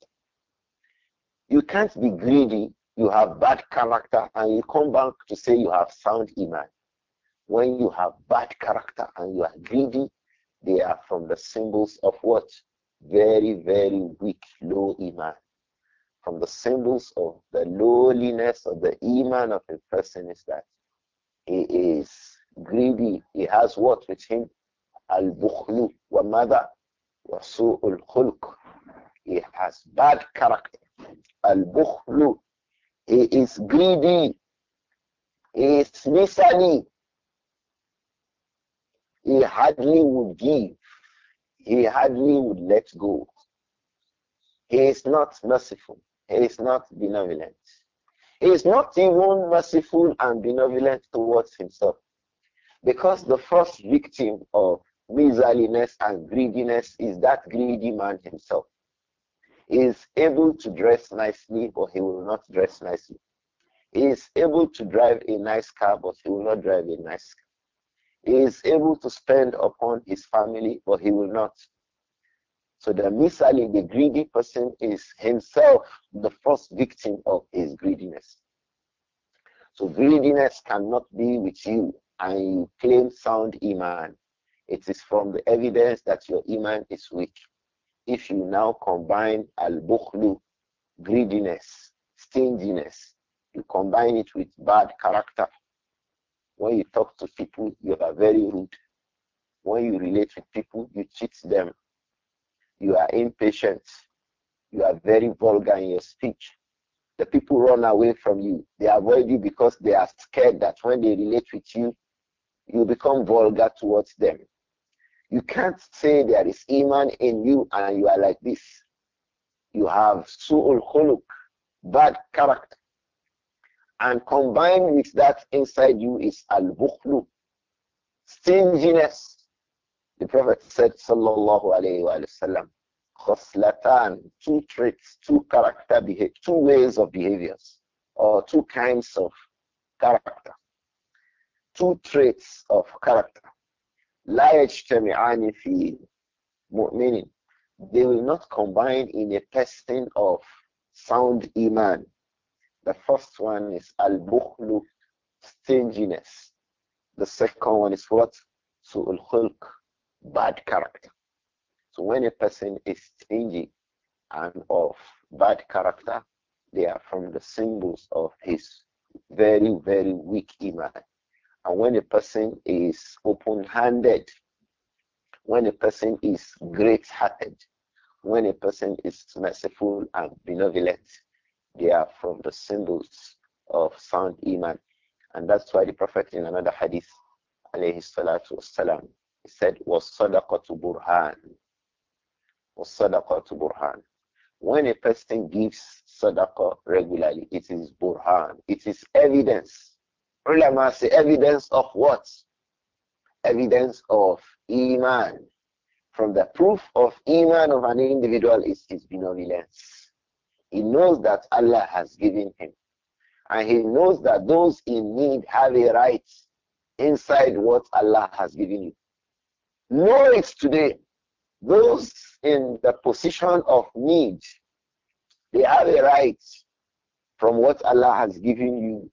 Speaker 1: You can't be greedy you have bad character and you come back to say you have sound iman. When you have bad character and you are greedy, they are from the symbols of what? Very, very weak, low iman. From the symbols of the lowliness of the iman of a person is that he is greedy. He has what with him? Al-bukhlu wa mada wa su'ul khulq. He has bad character. Al-bukhlu he is greedy. He is miserly. He hardly would give. He hardly would let go. He is not merciful. He is not benevolent. He is not even merciful and benevolent towards himself. Because the first victim of miserliness and greediness is that greedy man himself is able to dress nicely, but he will not dress nicely. He is able to drive a nice car, but he will not drive a nice car. He is able to spend upon his family, but he will not. So the misali, the greedy person, is himself the first victim of his greediness. So greediness cannot be with you, and you claim sound iman. It is from the evidence that your iman is weak if you now combine al-bukhlu, greediness, stinginess, you combine it with bad character. When you talk to people, you are very rude. When you relate with people, you cheat them. You are impatient. You are very vulgar in your speech. The people run away from you. They avoid you because they are scared that when they relate with you, you become vulgar towards them. You can't say there is iman in you and you are like this. You have su'ul khuluq, bad character. And combined with that inside you is al-bukhlu, stinginess. The Prophet said, sallallahu alayhi wasallam, khoslatan, two traits, two character behavior, two ways of behaviors, or two kinds of character, two traits of character. لا they will not combine in a person of sound iman the first one is al-bukhlu stinginess the second one is what su'ul khulq bad character so when a person is stingy and of bad character they are from the symbols of his very very weak iman and when a person is open-handed, when a person is great-hearted, when a person is merciful and benevolent, they are from the symbols of sound iman. And that's why the Prophet in another hadith, alayhi salatu wasalam, he said, was to burhan. Was to burhan. When a person gives sadaqah regularly, it is burhan. It is evidence Ulama say evidence of what? Evidence of Iman. From the proof of Iman of an individual is his benevolence. He knows that Allah has given him. And he knows that those in need have a right inside what Allah has given you. Know it today. Those in the position of need, they have a right from what Allah has given you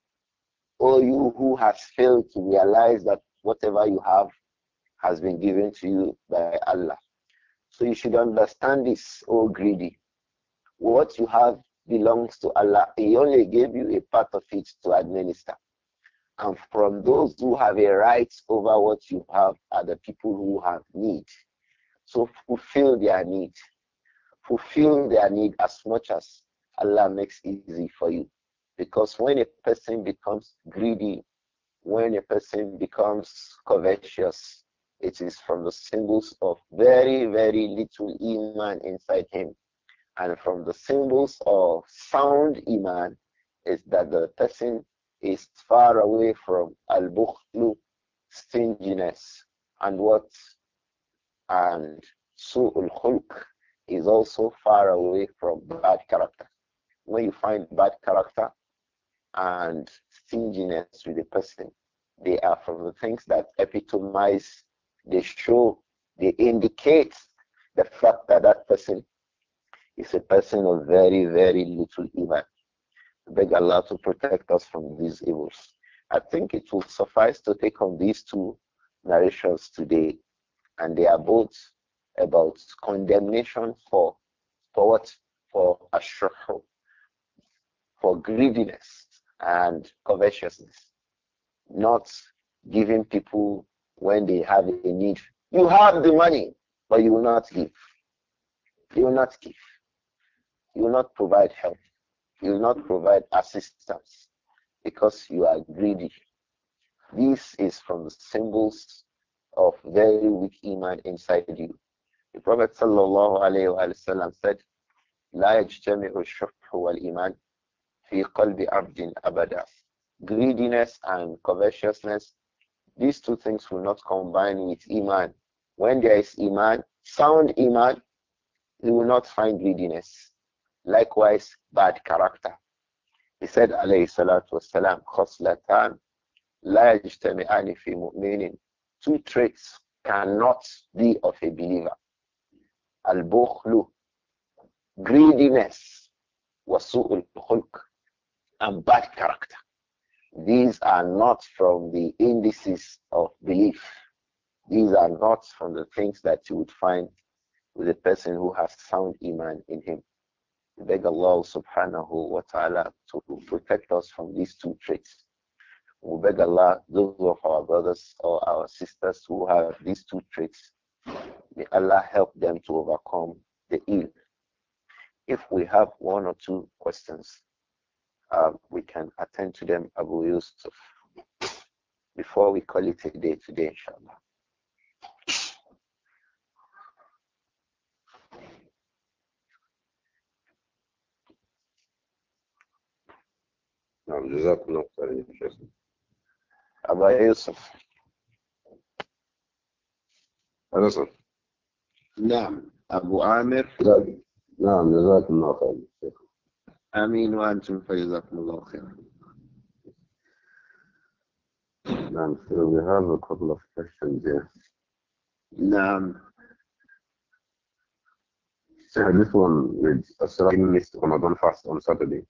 Speaker 1: or you who has failed to realize that whatever you have has been given to you by Allah. So you should understand this, O oh greedy. What you have belongs to Allah. He only gave you a part of it to administer. And from those who have a right over what you have are the people who have need. So fulfill their need. Fulfill their need as much as Allah makes easy for you. Because when a person becomes greedy, when a person becomes covetous, it is from the symbols of very, very little Iman inside him. And from the symbols of sound Iman is that the person is far away from al-bukhlu, stinginess, and what and su'ul khulq is also far away from bad character. When you find bad character, and stinginess with a person. They are from the things that epitomize, they show, they indicate the fact that that person is a person of very, very little iman. I beg Allah to protect us from these evils. I think it will suffice to take on these two narrations today, and they are both about condemnation for for what? For ashrahu, for greediness, and covetousness. Not giving people when they have a need. You have the money, but you will not give. You will not give. You will not provide help. You will not provide assistance because you are greedy. This is from symbols of very weak iman inside you. The Prophet ﷺ said, لا يجتمع shuhu والإيمان fi qalbi abdin abada. Greediness and covetousness, these two things will not combine with iman. When there is iman, sound iman, you will not find greediness. Likewise, bad character. He said, alayhi salatu wasalam, khoslatan la yajtami'ani fi mu'minin. Two traits cannot be of a believer. Al-bukhlu, greediness, wasu'ul khulq, and bad character. These are not from the indices of belief. These are not from the things that you would find with a person who has sound iman in him. We beg Allah subhanahu wa ta'ala to protect us from these two traits. We beg Allah, those of our brothers or our sisters who have these two traits, may Allah help them to overcome the ill. If we have one or two questions, uh, we can attend to them, Abu Yusuf, before we call it a day today, inshallah. نعم جزاكم الله خيرا أبا يوسف أنا صح نعم أبو عامر نعم جزاكم الله خيرا امين وانتم so we have a couple of questions here نعم so this one with Asra missed Ramadan fast on Saturday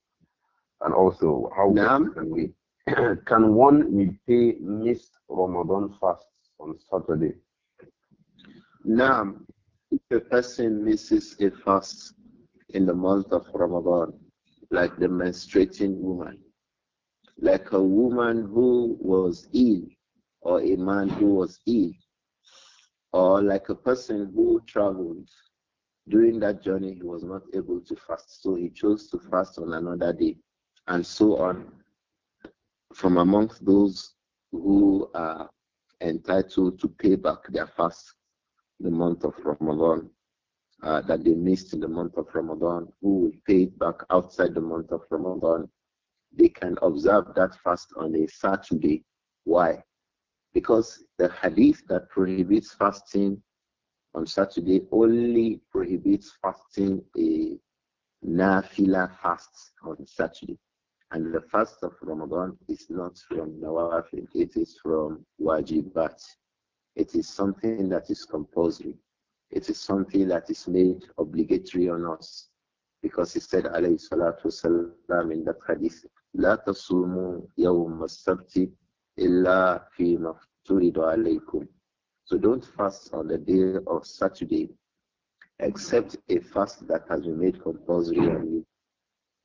Speaker 1: and also how can we can one repay missed Ramadan fasts on Saturday نعم if a person misses a fast in the month of Ramadan like the menstruating woman, like a woman who was ill, or a man who was ill, or like a person who traveled. During that journey, he was not able to fast, so he chose to fast on another day, and so on. From amongst those who are entitled to pay back their fast, the month of Ramadan uh, that they missed in the month of Ramadan, who will pay it back outside the month of Ramadan, they can observe that fast on a Saturday. Why? Because the hadith that prohibits fasting on Saturday only prohibits fasting a nafila fast on Saturday. And the fast of Ramadan is not from nawafil, it is from wajibat. It is something that is compulsory. It is something that is made obligatory on us because he said alayhi salatu wasalam in the hadith لا تصوموا يوم السبت إلا فيما افترض عليكم So don't fast on the day of Saturday except a fast that has been made compulsory on you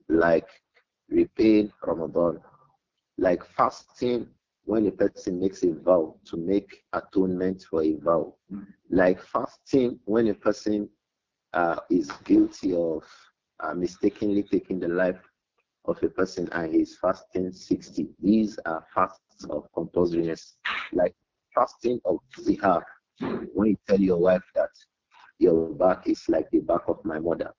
Speaker 1: like repaying Ramadan like fasting when a person makes a vow to make atonement for a vow, like fasting when a person uh, is guilty of uh, mistakenly taking the life of a person and he's fasting 60. These are fasts of compulsoriness, like fasting of zihar. When you tell your wife that your back is like the back of my mother,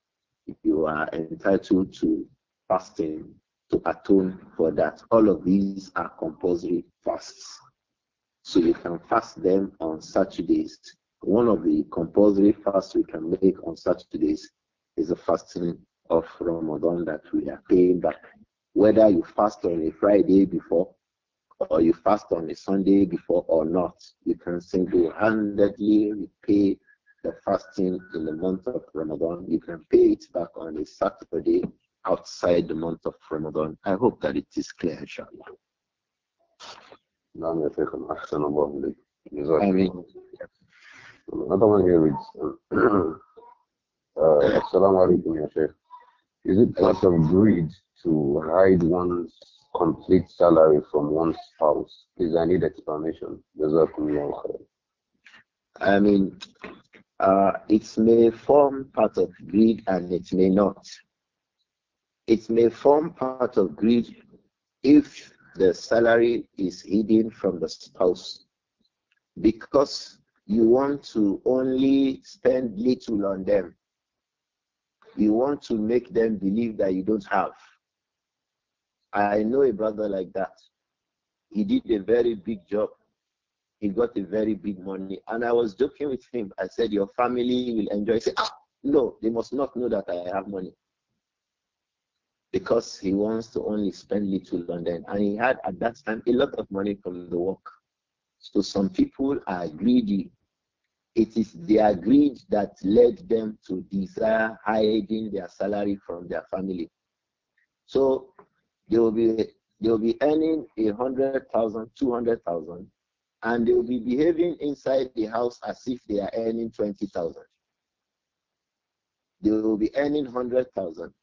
Speaker 1: you are entitled to fasting to atone for that. All of these are compulsory fasts. So you can fast them on Saturdays. One of the compulsory fasts we can make on Saturdays is the fasting of Ramadan that we are paying back. Whether you fast on a Friday before or you fast on a Sunday before or not, you can single handedly repay the fasting in the month of Ramadan. You can pay it back on a Saturday outside the month of Ramadan. I hope that it is clear, inshallah. Another one here reads uh, Is it part of greed to hide one's complete salary from one's spouse? Is I need explanation I mean, uh, it may form part of greed and it may not. It may form part of greed if the salary is hidden from the spouse because you want to only spend little on them. You want to make them believe that you don't have. I know a brother like that. He did a very big job. He got a very big money. And I was joking with him. I said, Your family will enjoy. He said, Ah, no, they must not know that I have money because he wants to only spend little on them. And he had at that time a lot of money from the work. So some people are greedy. It is their greed that led them to desire hiding their salary from their family. So they will be they will be earning a hundred thousand, two hundred thousand, and they will be behaving inside the house as if they are earning twenty thousand. They will be earning hundred thousand,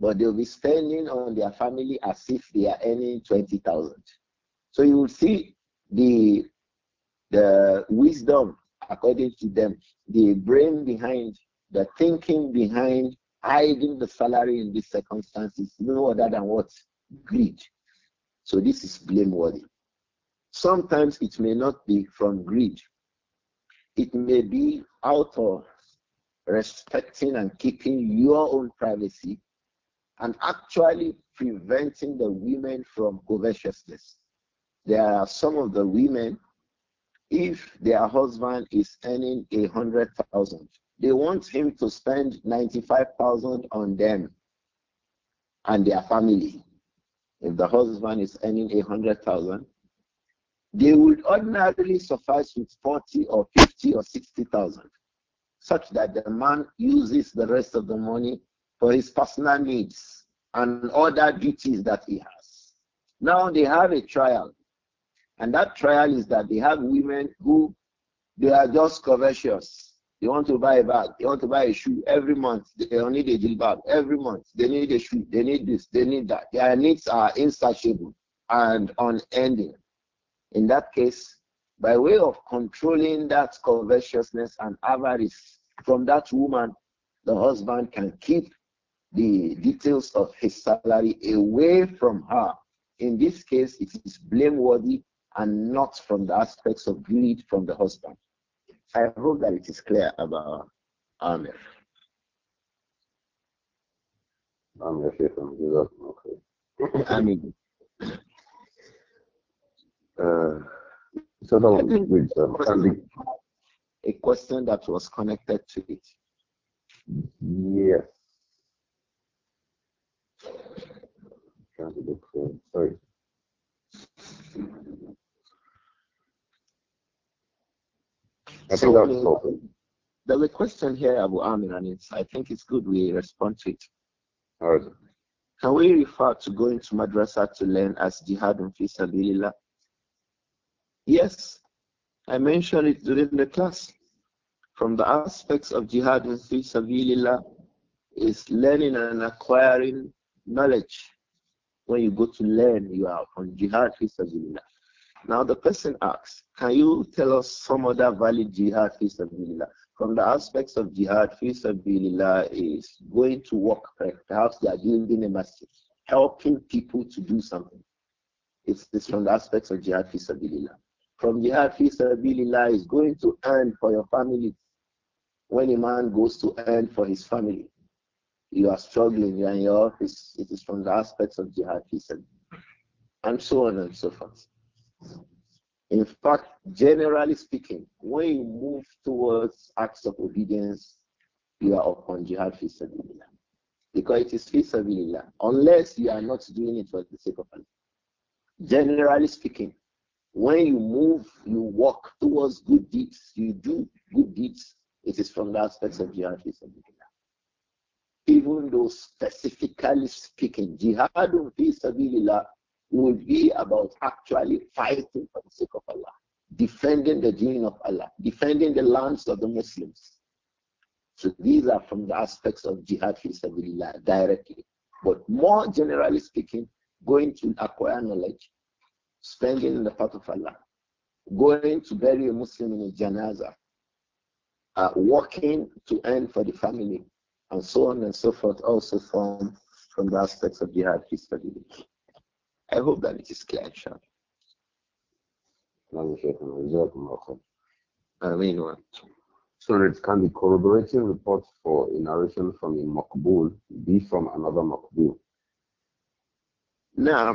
Speaker 1: but they'll be spending on their family as if they are earning 20,000. So you will see the, the wisdom according to them, the brain behind, the thinking behind hiding the salary in these circumstances, no other than what? Greed. So this is blameworthy. Sometimes it may not be from greed. It may be out of respecting and keeping your own privacy and actually preventing the women from covetousness. There are some of the women, if their husband is earning a hundred thousand, they want him to spend ninety-five thousand on them and their family. If the husband is earning a hundred thousand, they would ordinarily suffice with forty or fifty or sixty thousand, such that the man uses the rest of the money for his personal needs and other duties that he has. Now they have a trial, and that trial is that they have women who they are just covetous. They want to buy a bag, they want to buy a shoe every month. They need a jilbab every month. They need a shoe, they need this, they need that. Their needs are insatiable and unending. In that case, by way of controlling that covetousness and avarice from that woman, the husband can keep the details of his salary away from her. In this case, it is blameworthy and not from the aspects of greed from the husband. I hope that it is clear about Amir. Uh, so a question that was connected to it. Yes, trying to look for Sorry. I so think that's we, There's a question here, Abu Amir, and it's, I think it's good we respond to it. All right. Can we refer to going to madrasa to learn as jihad and sabilillah? Yes, I mentioned it during the class. From the aspects of jihad and sabilillah, is learning and acquiring knowledge when you go to learn, you are on jihad fi sabilillah. Now the person asks, can you tell us some other valid jihad fi sabilillah? From the aspects of jihad fi sabilillah is going to work. Perhaps they are building a masjid, helping people to do something. It's, it's from the aspects of jihad fi sabilillah. From jihad fi sabilillah is going to earn for your family. When a man goes to earn for his family, you are struggling and your office, it is from the aspects of jihad, he said, and so on and so forth. In fact, generally speaking, when you move towards acts of obedience, you are upon jihad fisabilillah. Because it is fisabilillah, unless you are not doing it for the sake of Allah. Generally speaking, when you move, you walk towards good deeds, you do good deeds, it is from the aspects of jihad fisabilillah even though specifically speaking, jihad of sabilillah would be about actually fighting for the sake of Allah, defending the deen of Allah, defending the lands of the Muslims. So these are from the aspects of jihad of sabilillah directly. But more generally speaking, going to acquire knowledge, spending in the path of Allah, going to bury a Muslim in a janaza, uh, working to earn for the family, and so on and so forth also form from the aspects of jihad history sabilillah. I hope that it is clear, inshallah. I mean what? So it can be corroborating reports for a narration from a makbul be from another makbul. Now,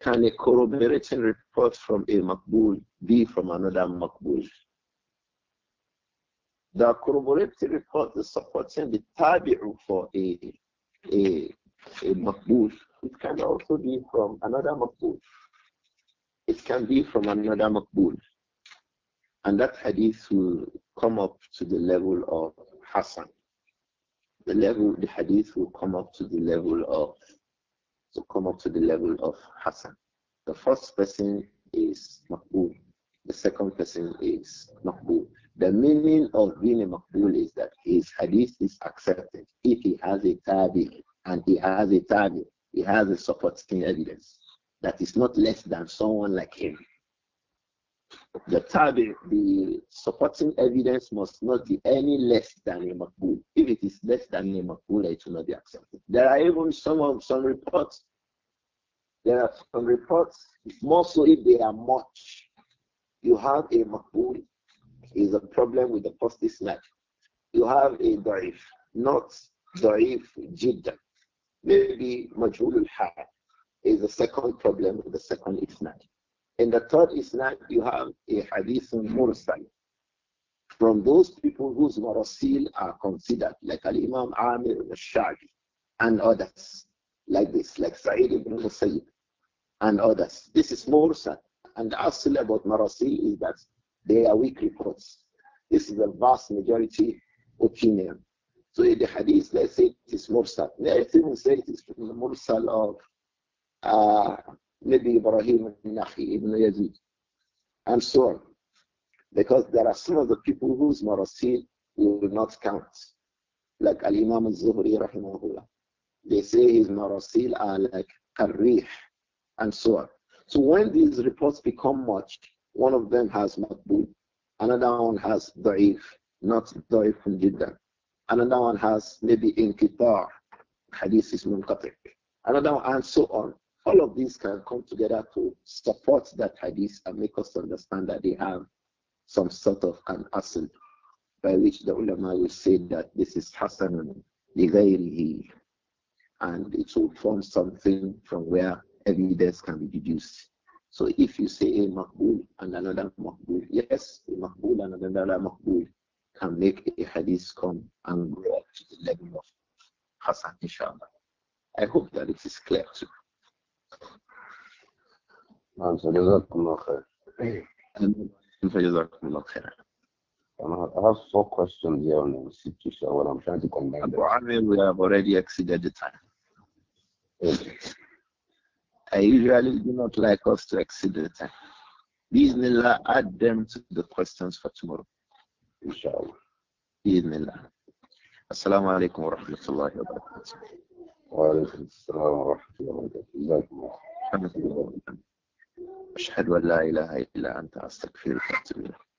Speaker 1: Can a corroborating report from a makbul be from another makbul? The corroborative report is supporting the tabi'u for a, a, a maqbul. It can also be from another maqbul. It can be from another maqbul. And that hadith will come up to the level of Hassan. The level, the hadith will come up to the level of, to come up to the level of Hassan. The first person is Maqbul. The second person is Maqbul. The meaning of being a maqbul is that his hadith is accepted if he has a tabi and he has a tabi, he has a supporting evidence that is not less than someone like him. The tabi, the supporting evidence must not be any less than a maqbul. If it is less than a maqbul, it will not be accepted. There are even some of some reports. There are some reports, more so if they are much. You have a maqbul is a problem with the post isnad. You have a da'if, not da'if jidda. Maybe majhul al is the second problem with the second isnad. In the third isnad, you have a hadith mursal from those people whose marasil are considered, like Al-Imam Amir al Shari and others like this, like Sa'id ibn Musayyib and others. This is mursal. And the asil about marasil is that they are weak reports. This is the vast majority opinion. So in the hadith, let's say it is mursal. Let's even say it is from the mursal of uh, maybe Ibrahim Nahi ibn Yazid and so on. Because there are some of the people whose marasil will not count. Like Al Imam Zuhri rahimahullah. They say his marasil are like karrih and so on. So when these reports become much, one of them has maqbul, another one has da'if, not da'if from Jiddah. Another one has maybe inqitar, hadith is munqati. Another one, and so on. All of these can come together to support that hadith and make us understand that they have some sort of an asl by which the ulama will say that this is hasanun lighairihi and it will form something from where evidence can be deduced. So if you say a makbul and another makbul, yes, a makbul and another makbul can make a hadith come and grow up to the level of Hassan, inshallah. I hope that it is clear too. I have four questions here on the receipt to what I'm trying to combine. Them. We have already exceeded the time. Okay. I usually do not like us to exceed the time. Bismillah, add them to the questions for tomorrow. Inshallah. Bismillah. Assalamu alaikum wa rahmatullahi wa barakatuh. Wa alaikum assalam wa rahmatullahi wa barakatuh. أشهد أن لا إله إلا أنت أستغفرك وأتوب إليك